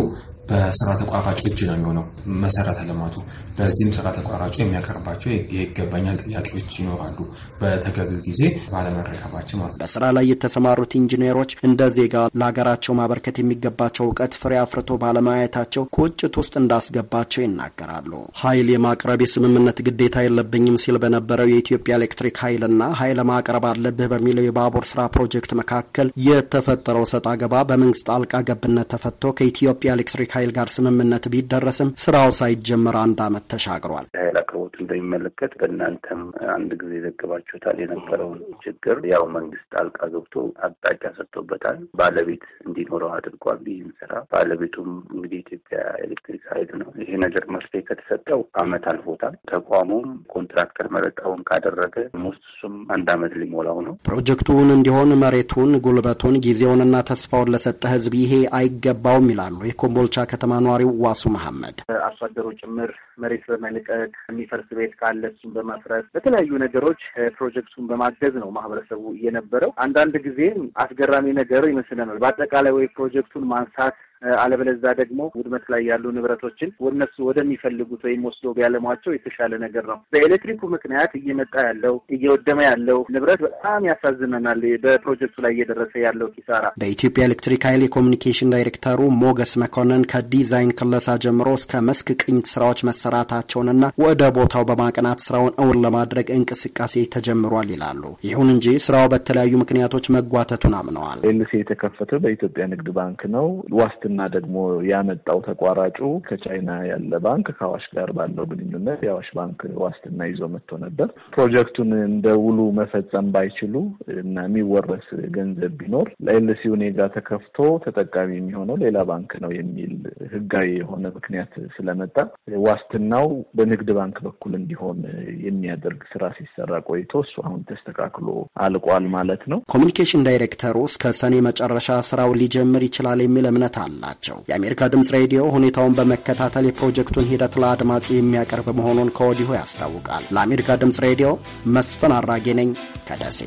በስራ ተቋራጩ እጅ ነው የሚሆነው መሰረተ ልማቱ። በዚህም ስራ ተቋራጩ የሚያቀርባቸው የይገባኛል ጥያቄዎች ይኖራሉ፣ በተገቢው ጊዜ ባለመረከባቸው ማለት ነው። በስራ ላይ የተሰማሩት ኢንጂነሮች እንደ ዜጋ ለሀገራቸው ማበርከት የሚገባቸው እውቀት ፍሬ አፍርቶ ባለማየታቸው ቁጭት ውስጥ እንዳስገባቸው ይናገራሉ። ኃይል የማቅረብ የስምምነት ግዴታ የለብኝም ሲል በነበረው የኢትዮጵያ ኤሌክትሪክ ኃይልና ኃይል ማቅረብ አለብህ በሚለው የባቡር ስራ ፕሮጀክት መካከል የተፈጠረው ሰጣ ገባ በመንግስት ጣልቃ ገብነት ተፈቶ ከኢትዮጵያ ኤሌክትሪክ ኃይል ጋር ስምምነት ቢደረስም ስራው ሳይጀመር አንድ አመት ተሻግሯል። የኃይል አቅርቦትን በሚመለከት በእናንተም አንድ ጊዜ ዘግባችሁታል የነበረውን ችግር ያው መንግስት ጣልቃ ገብቶ አቅጣጫ ሰጥቶበታል። ባለቤት እንዲኖረው አድርጓል። ይህን ስራ ባለቤቱም እንግዲህ ኢትዮጵያ ኤሌክትሪክ ኃይል ነው። ይሄ ነገር መፍትሄ ከተሰጠው አመት አልፎታል። ተቋሙም ኮንትራክተር መረጣውን ካደረገ ሞስት እሱም አንድ አመት ሊሞላው ነው። ፕሮጀክቱን እንዲሆን መሬቱን፣ ጉልበቱን፣ ጊዜውንና ተስፋውን ለሰጠ ህዝብ ይሄ አይገባውም ይላሉ የኮምቦልቻ ከተማ ነዋሪው ዋሱ መሐመድ አርሶ አደሩ ጭምር መሬት በመልቀቅ የሚፈርስ ቤት ካለ እሱን በመፍረስ በተለያዩ ነገሮች ፕሮጀክቱን በማገዝ ነው ማህበረሰቡ የነበረው። አንዳንድ ጊዜም አስገራሚ ነገር ይመስለናል። በአጠቃላይ ወይ ፕሮጀክቱን ማንሳት አለበለዛ ደግሞ ውድመት ላይ ያሉ ንብረቶችን ወነሱ ወደሚፈልጉት ወይም ወስዶ ቢያለሟቸው የተሻለ ነገር ነው። በኤሌክትሪኩ ምክንያት እየመጣ ያለው እየወደመ ያለው ንብረት በጣም ያሳዝነናል። በፕሮጀክቱ ላይ እየደረሰ ያለው ኪሳራ በኢትዮጵያ ኤሌክትሪክ ኃይል የኮሚኒኬሽን ዳይሬክተሩ ሞገስ መኮንን ከዲዛይን ክለሳ ጀምሮ እስከ መስክ ቅኝት ስራዎች መሰራታቸውንና ወደ ቦታው በማቅናት ስራውን እውን ለማድረግ እንቅስቃሴ ተጀምሯል ይላሉ። ይሁን እንጂ ስራው በተለያዩ ምክንያቶች መጓተቱን አምነዋል። ኤልሲ የተከፈተው በኢትዮጵያ ንግድ ባንክ ነው ዋስት ዋስትና ደግሞ ያመጣው ተቋራጩ ከቻይና ያለ ባንክ ከአዋሽ ጋር ባለው ግንኙነት የአዋሽ ባንክ ዋስትና ይዞ መጥቶ ነበር። ፕሮጀክቱን እንደ ውሉ መፈጸም ባይችሉ እና የሚወረስ ገንዘብ ቢኖር ለኤልሲ ጋር ተከፍቶ ተጠቃሚ የሚሆነው ሌላ ባንክ ነው የሚል ህጋዊ የሆነ ምክንያት ስለመጣ ዋስትናው በንግድ ባንክ በኩል እንዲሆን የሚያደርግ ስራ ሲሰራ ቆይቶ እሱ አሁን ተስተካክሎ አልቋል ማለት ነው። ኮሚኒኬሽን ዳይሬክተሩ እስከ ሰኔ መጨረሻ ስራው ሊጀምር ይችላል የሚል እምነት አለ። አላቸው። የአሜሪካ ድምፅ ሬዲዮ ሁኔታውን በመከታተል የፕሮጀክቱን ሂደት ለአድማጩ የሚያቀርብ መሆኑን ከወዲሁ ያስታውቃል። ለአሜሪካ ድምፅ ሬዲዮ መስፍን አራጌ ነኝ ከደሴ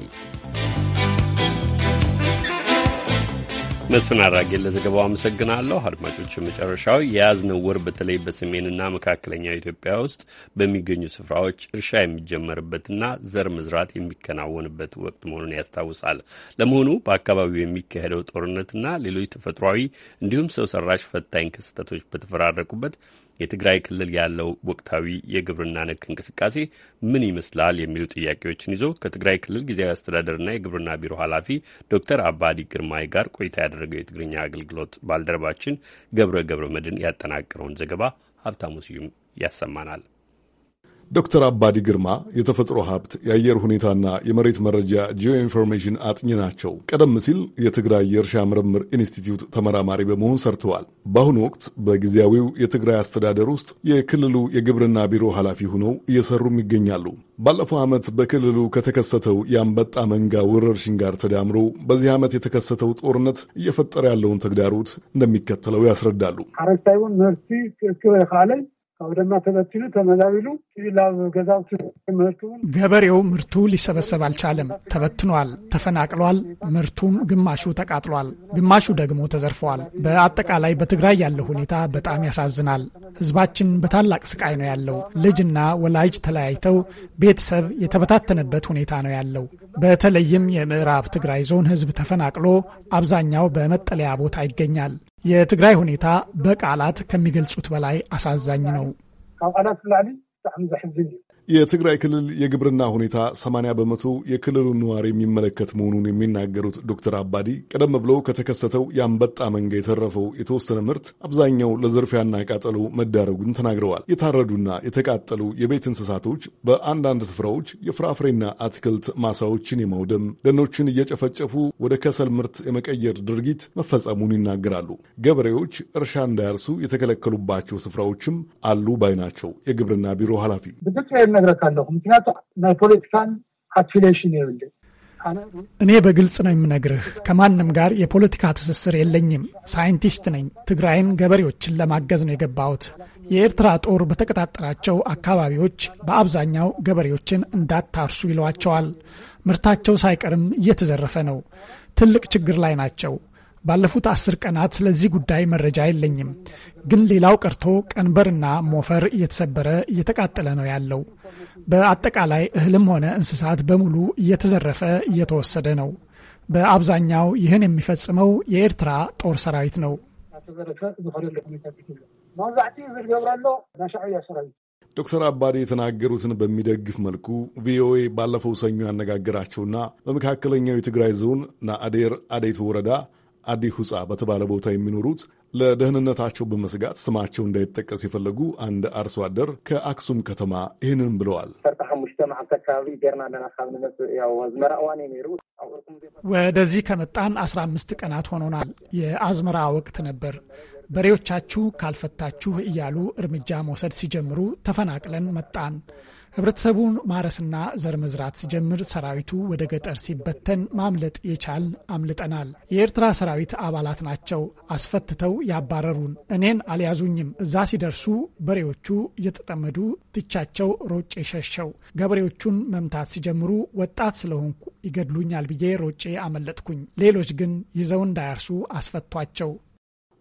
መስፍን አራጌን ለዘገባው አመሰግናለሁ። አድማጮች፣ መጨረሻው የያዝነው ወር በተለይ በሰሜንና መካከለኛ ኢትዮጵያ ውስጥ በሚገኙ ስፍራዎች እርሻ የሚጀመርበትና ዘር መዝራት የሚከናወንበት ወቅት መሆኑን ያስታውሳል። ለመሆኑ በአካባቢው የሚካሄደው ጦርነትና ሌሎች ተፈጥሯዊ እንዲሁም ሰው ሰራሽ ፈታኝ ክስተቶች በተፈራረቁበት የትግራይ ክልል ያለው ወቅታዊ የግብርና ነክ እንቅስቃሴ ምን ይመስላል የሚሉ ጥያቄዎችን ይዞ ከትግራይ ክልል ጊዜያዊ አስተዳደርና የግብርና ቢሮ ኃላፊ ዶክተር አባዲ ግርማይ ጋር ቆይታ ያደረገው የትግርኛ አገልግሎት ባልደረባችን ገብረ ገብረ መድን ያጠናቀረውን ዘገባ ሀብታሙ ስዩም ያሰማናል። ዶክተር አባዲ ግርማ የተፈጥሮ ሀብት የአየር ሁኔታና የመሬት መረጃ ጂኦ ኢንፎርሜሽን አጥኚ ናቸው። ቀደም ሲል የትግራይ የእርሻ ምርምር ኢንስቲትዩት ተመራማሪ በመሆን ሰርተዋል። በአሁኑ ወቅት በጊዜያዊው የትግራይ አስተዳደር ውስጥ የክልሉ የግብርና ቢሮ ኃላፊ ሆነው እየሰሩም ይገኛሉ። ባለፈው ዓመት በክልሉ ከተከሰተው የአንበጣ መንጋ ወረርሽኝ ጋር ተዳምሮ በዚህ ዓመት የተከሰተው ጦርነት እየፈጠረ ያለውን ተግዳሮት እንደሚከተለው ያስረዳሉ። አውደማ ተበትሉ ተመላቢሉ ገበሬው ምርቱ ሊሰበሰብ አልቻለም። ተበትኗል፣ ተፈናቅሏል። ምርቱም ግማሹ ተቃጥሏል፣ ግማሹ ደግሞ ተዘርፈዋል። በአጠቃላይ በትግራይ ያለው ሁኔታ በጣም ያሳዝናል። ህዝባችን በታላቅ ስቃይ ነው ያለው። ልጅና ወላጅ ተለያይተው ቤተሰብ የተበታተነበት ሁኔታ ነው ያለው። በተለይም የምዕራብ ትግራይ ዞን ህዝብ ተፈናቅሎ አብዛኛው በመጠለያ ቦታ ይገኛል። የትግራይ ሁኔታ በቃላት ከሚገልጹት በላይ አሳዛኝ ነው። የትግራይ ክልል የግብርና ሁኔታ 80 በመቶ የክልሉን ነዋሪ የሚመለከት መሆኑን የሚናገሩት ዶክተር አባዲ ቀደም ብሎ ከተከሰተው የአንበጣ መንጋ የተረፈው የተወሰነ ምርት አብዛኛው ለዝርፊያና ቃጠሎ መዳረጉን ተናግረዋል። የታረዱና የተቃጠሉ የቤት እንስሳቶች በአንዳንድ ስፍራዎች የፍራፍሬና አትክልት ማሳዎችን የማውደም ደኖችን እየጨፈጨፉ ወደ ከሰል ምርት የመቀየር ድርጊት መፈጸሙን ይናገራሉ። ገበሬዎች እርሻ እንዳያርሱ የተከለከሉባቸው ስፍራዎችም አሉ ባይ ናቸው። የግብርና ቢሮ ኃላፊ እነግርሃለሁ። ምክንያቱ ናይ ፖለቲካን አፊሌሽን የብልኝ እኔ በግልጽ ነው የምነግርህ። ከማንም ጋር የፖለቲካ ትስስር የለኝም። ሳይንቲስት ነኝ። ትግራይን ገበሬዎችን ለማገዝ ነው የገባሁት። የኤርትራ ጦር በተቀጣጠራቸው አካባቢዎች በአብዛኛው ገበሬዎችን እንዳታርሱ ይለዋቸዋል። ምርታቸው ሳይቀርም እየተዘረፈ ነው። ትልቅ ችግር ላይ ናቸው። ባለፉት አስር ቀናት ስለዚህ ጉዳይ መረጃ የለኝም። ግን ሌላው ቀርቶ ቀንበርና ሞፈር እየተሰበረ እየተቃጠለ ነው ያለው። በአጠቃላይ እህልም ሆነ እንስሳት በሙሉ እየተዘረፈ እየተወሰደ ነው። በአብዛኛው ይህን የሚፈጽመው የኤርትራ ጦር ሰራዊት ነው። ዶክተር አባዴ የተናገሩትን በሚደግፍ መልኩ ቪኦኤ ባለፈው ሰኞ ያነጋገራቸውና በመካከለኛው የትግራይ ዞን ናአዴር አዴቱ ወረዳ አዲ ሁፃ በተባለ ቦታ የሚኖሩት ለደህንነታቸው በመስጋት ስማቸው እንዳይጠቀስ የፈለጉ አንድ አርሶ አደር ከአክሱም ከተማ ይህንን ብለዋል። ወደዚህ ከመጣን አስራ አምስት ቀናት ሆኖናል። የአዝመራ ወቅት ነበር። በሬዎቻችሁ ካልፈታችሁ እያሉ እርምጃ መውሰድ ሲጀምሩ ተፈናቅለን መጣን። ህብረተሰቡን ማረስና ዘር መዝራት ሲጀምር ሰራዊቱ ወደ ገጠር ሲበተን ማምለጥ የቻል አምልጠናል። የኤርትራ ሰራዊት አባላት ናቸው አስፈትተው ያባረሩን። እኔን አልያዙኝም። እዛ ሲደርሱ በሬዎቹ እየተጠመዱ ትቻቸው ሮጬ ሸሸው። ገበሬዎቹን መምታት ሲጀምሩ ወጣት ስለሆንኩ ይገድሉኛል ብዬ ሮጬ አመለጥኩኝ። ሌሎች ግን ይዘው እንዳያርሱ አስፈቷቸው።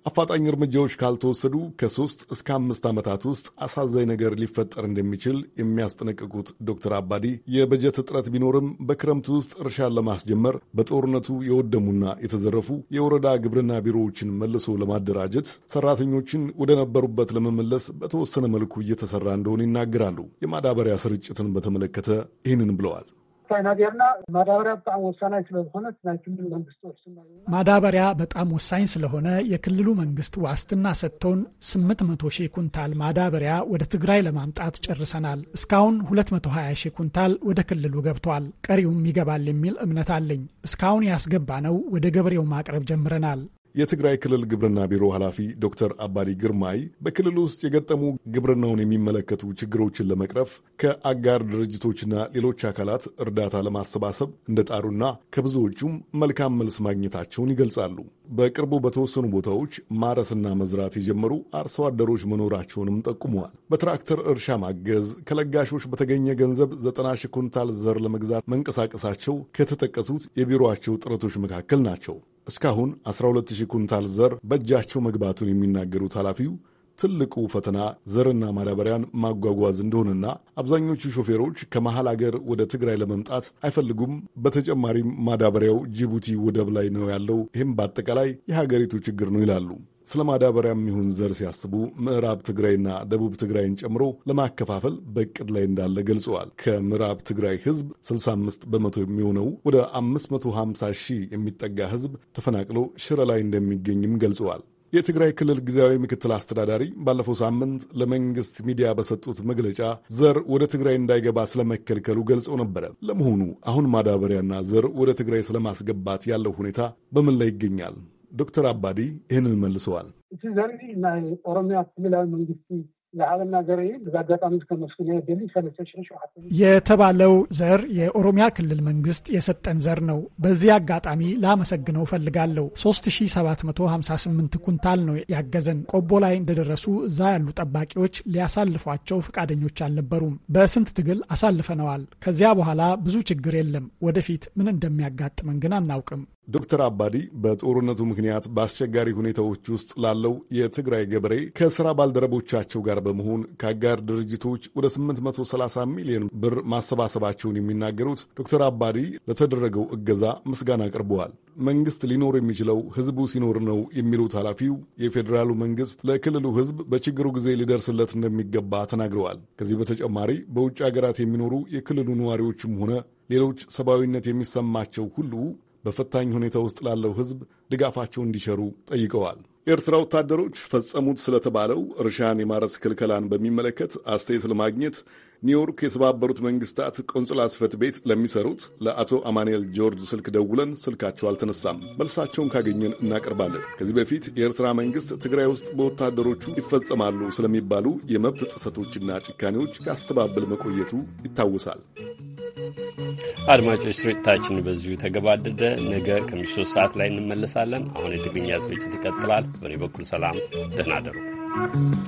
አፋጣኝ እርምጃዎች ካልተወሰዱ ከሶስት እስከ አምስት ዓመታት ውስጥ አሳዛኝ ነገር ሊፈጠር እንደሚችል የሚያስጠነቅቁት ዶክተር አባዲ የበጀት እጥረት ቢኖርም በክረምቱ ውስጥ እርሻን ለማስጀመር በጦርነቱ የወደሙና የተዘረፉ የወረዳ ግብርና ቢሮዎችን መልሶ ለማደራጀት፣ ሰራተኞችን ወደ ነበሩበት ለመመለስ በተወሰነ መልኩ እየተሰራ እንደሆነ ይናገራሉ። የማዳበሪያ ስርጭትን በተመለከተ ይህንን ብለዋል። ወሳኝ ነገርና ማዳበሪያ በጣም ወሳኝ ስለሆነ መንግስት ማዳበሪያ በጣም ወሳኝ ስለሆነ የክልሉ መንግስት ዋስትና ሰጥቶን ስምንት መቶ ሺህ ኩንታል ማዳበሪያ ወደ ትግራይ ለማምጣት ጨርሰናል። እስካሁን ሁለት መቶ ሀያ ሺህ ኩንታል ወደ ክልሉ ገብቷል። ቀሪውም ይገባል የሚል እምነት አለኝ። እስካሁን ያስገባ ነው ወደ ገበሬው ማቅረብ ጀምረናል። የትግራይ ክልል ግብርና ቢሮ ኃላፊ ዶክተር አባዲ ግርማይ በክልል ውስጥ የገጠሙ ግብርናውን የሚመለከቱ ችግሮችን ለመቅረፍ ከአጋር ድርጅቶችና ሌሎች አካላት እርዳታ ለማሰባሰብ እንደጣሩና ከብዙዎቹም መልካም መልስ ማግኘታቸውን ይገልጻሉ። በቅርቡ በተወሰኑ ቦታዎች ማረስና መዝራት የጀመሩ አርሶ አደሮች መኖራቸውንም ጠቁመዋል። በትራክተር እርሻ ማገዝ፣ ከለጋሾች በተገኘ ገንዘብ ዘጠና ሺህ ኩንታል ዘር ለመግዛት መንቀሳቀሳቸው ከተጠቀሱት የቢሮቸው ጥረቶች መካከል ናቸው። እስካሁን 120 ኩንታል ዘር በእጃቸው መግባቱን የሚናገሩት ኃላፊው ትልቁ ፈተና ዘርና ማዳበሪያን ማጓጓዝ እንደሆነና አብዛኞቹ ሾፌሮች ከመሐል አገር ወደ ትግራይ ለመምጣት አይፈልጉም። በተጨማሪም ማዳበሪያው ጅቡቲ ወደብ ላይ ነው ያለው። ይህም በአጠቃላይ የሀገሪቱ ችግር ነው ይላሉ። ስለ ማዳበሪያም ይሁን ዘር ሲያስቡ ምዕራብ ትግራይና ደቡብ ትግራይን ጨምሮ ለማከፋፈል በእቅድ ላይ እንዳለ ገልጸዋል። ከምዕራብ ትግራይ ህዝብ 65 በመቶ የሚሆነው ወደ 550 ሺህ የሚጠጋ ህዝብ ተፈናቅሎ ሽረ ላይ እንደሚገኝም ገልጸዋል። የትግራይ ክልል ጊዜያዊ ምክትል አስተዳዳሪ ባለፈው ሳምንት ለመንግስት ሚዲያ በሰጡት መግለጫ ዘር ወደ ትግራይ እንዳይገባ ስለመከልከሉ ገልጸው ነበረ። ለመሆኑ አሁን ማዳበሪያና ዘር ወደ ትግራይ ስለማስገባት ያለው ሁኔታ በምን ላይ ይገኛል? ዶክተር አባዲ ይህንን መልሰዋል። እዚ ዘርኢ ናይ ኦሮሚያ ክልላዊ መንግስቲ የተባለው ዘር የኦሮሚያ ክልል መንግስት የሰጠን ዘር ነው። በዚህ አጋጣሚ ላመሰግነው ፈልጋለሁ። 3758 ኩንታል ነው ያገዘን። ቆቦ ላይ እንደደረሱ እዛ ያሉ ጠባቂዎች ሊያሳልፏቸው ፈቃደኞች አልነበሩም። በስንት ትግል አሳልፈነዋል። ከዚያ በኋላ ብዙ ችግር የለም። ወደፊት ምን እንደሚያጋጥመን ግን አናውቅም። ዶክተር አባዲ በጦርነቱ ምክንያት በአስቸጋሪ ሁኔታዎች ውስጥ ላለው የትግራይ ገበሬ ከስራ ባልደረቦቻቸው ጋር በመሆን ከአጋር ድርጅቶች ወደ 830 ሚሊዮን ብር ማሰባሰባቸውን የሚናገሩት ዶክተር አባዲ ለተደረገው እገዛ ምስጋና አቅርበዋል። መንግስት ሊኖር የሚችለው ህዝቡ ሲኖር ነው የሚሉት ኃላፊው የፌዴራሉ መንግስት ለክልሉ ህዝብ በችግሩ ጊዜ ሊደርስለት እንደሚገባ ተናግረዋል። ከዚህ በተጨማሪ በውጭ ሀገራት የሚኖሩ የክልሉ ነዋሪዎችም ሆነ ሌሎች ሰብአዊነት የሚሰማቸው ሁሉ በፈታኝ ሁኔታ ውስጥ ላለው ህዝብ ድጋፋቸውን እንዲሸሩ ጠይቀዋል። የኤርትራ ወታደሮች ፈጸሙት ስለተባለው እርሻን የማረስ ክልከላን በሚመለከት አስተያየት ለማግኘት ኒውዮርክ የተባበሩት መንግስታት ቆንጽላ ስፈት ቤት ለሚሰሩት ለአቶ አማንኤል ጆርጅ ስልክ ደውለን ስልካቸው አልተነሳም። መልሳቸውን ካገኘን እናቀርባለን። ከዚህ በፊት የኤርትራ መንግስት ትግራይ ውስጥ በወታደሮቹ ይፈጸማሉ ስለሚባሉ የመብት ጥሰቶችና ጭካኔዎች ከአስተባበል መቆየቱ ይታወሳል። አድማጮች ስርጭታችን በዚሁ ተገባደደ። ነገ ከምሽቱ ሶስት ሰዓት ላይ እንመለሳለን። አሁን የትግርኛ ስርጭት ይቀጥላል። በእኔ በኩል ሰላም፣ ደህና አደሩ።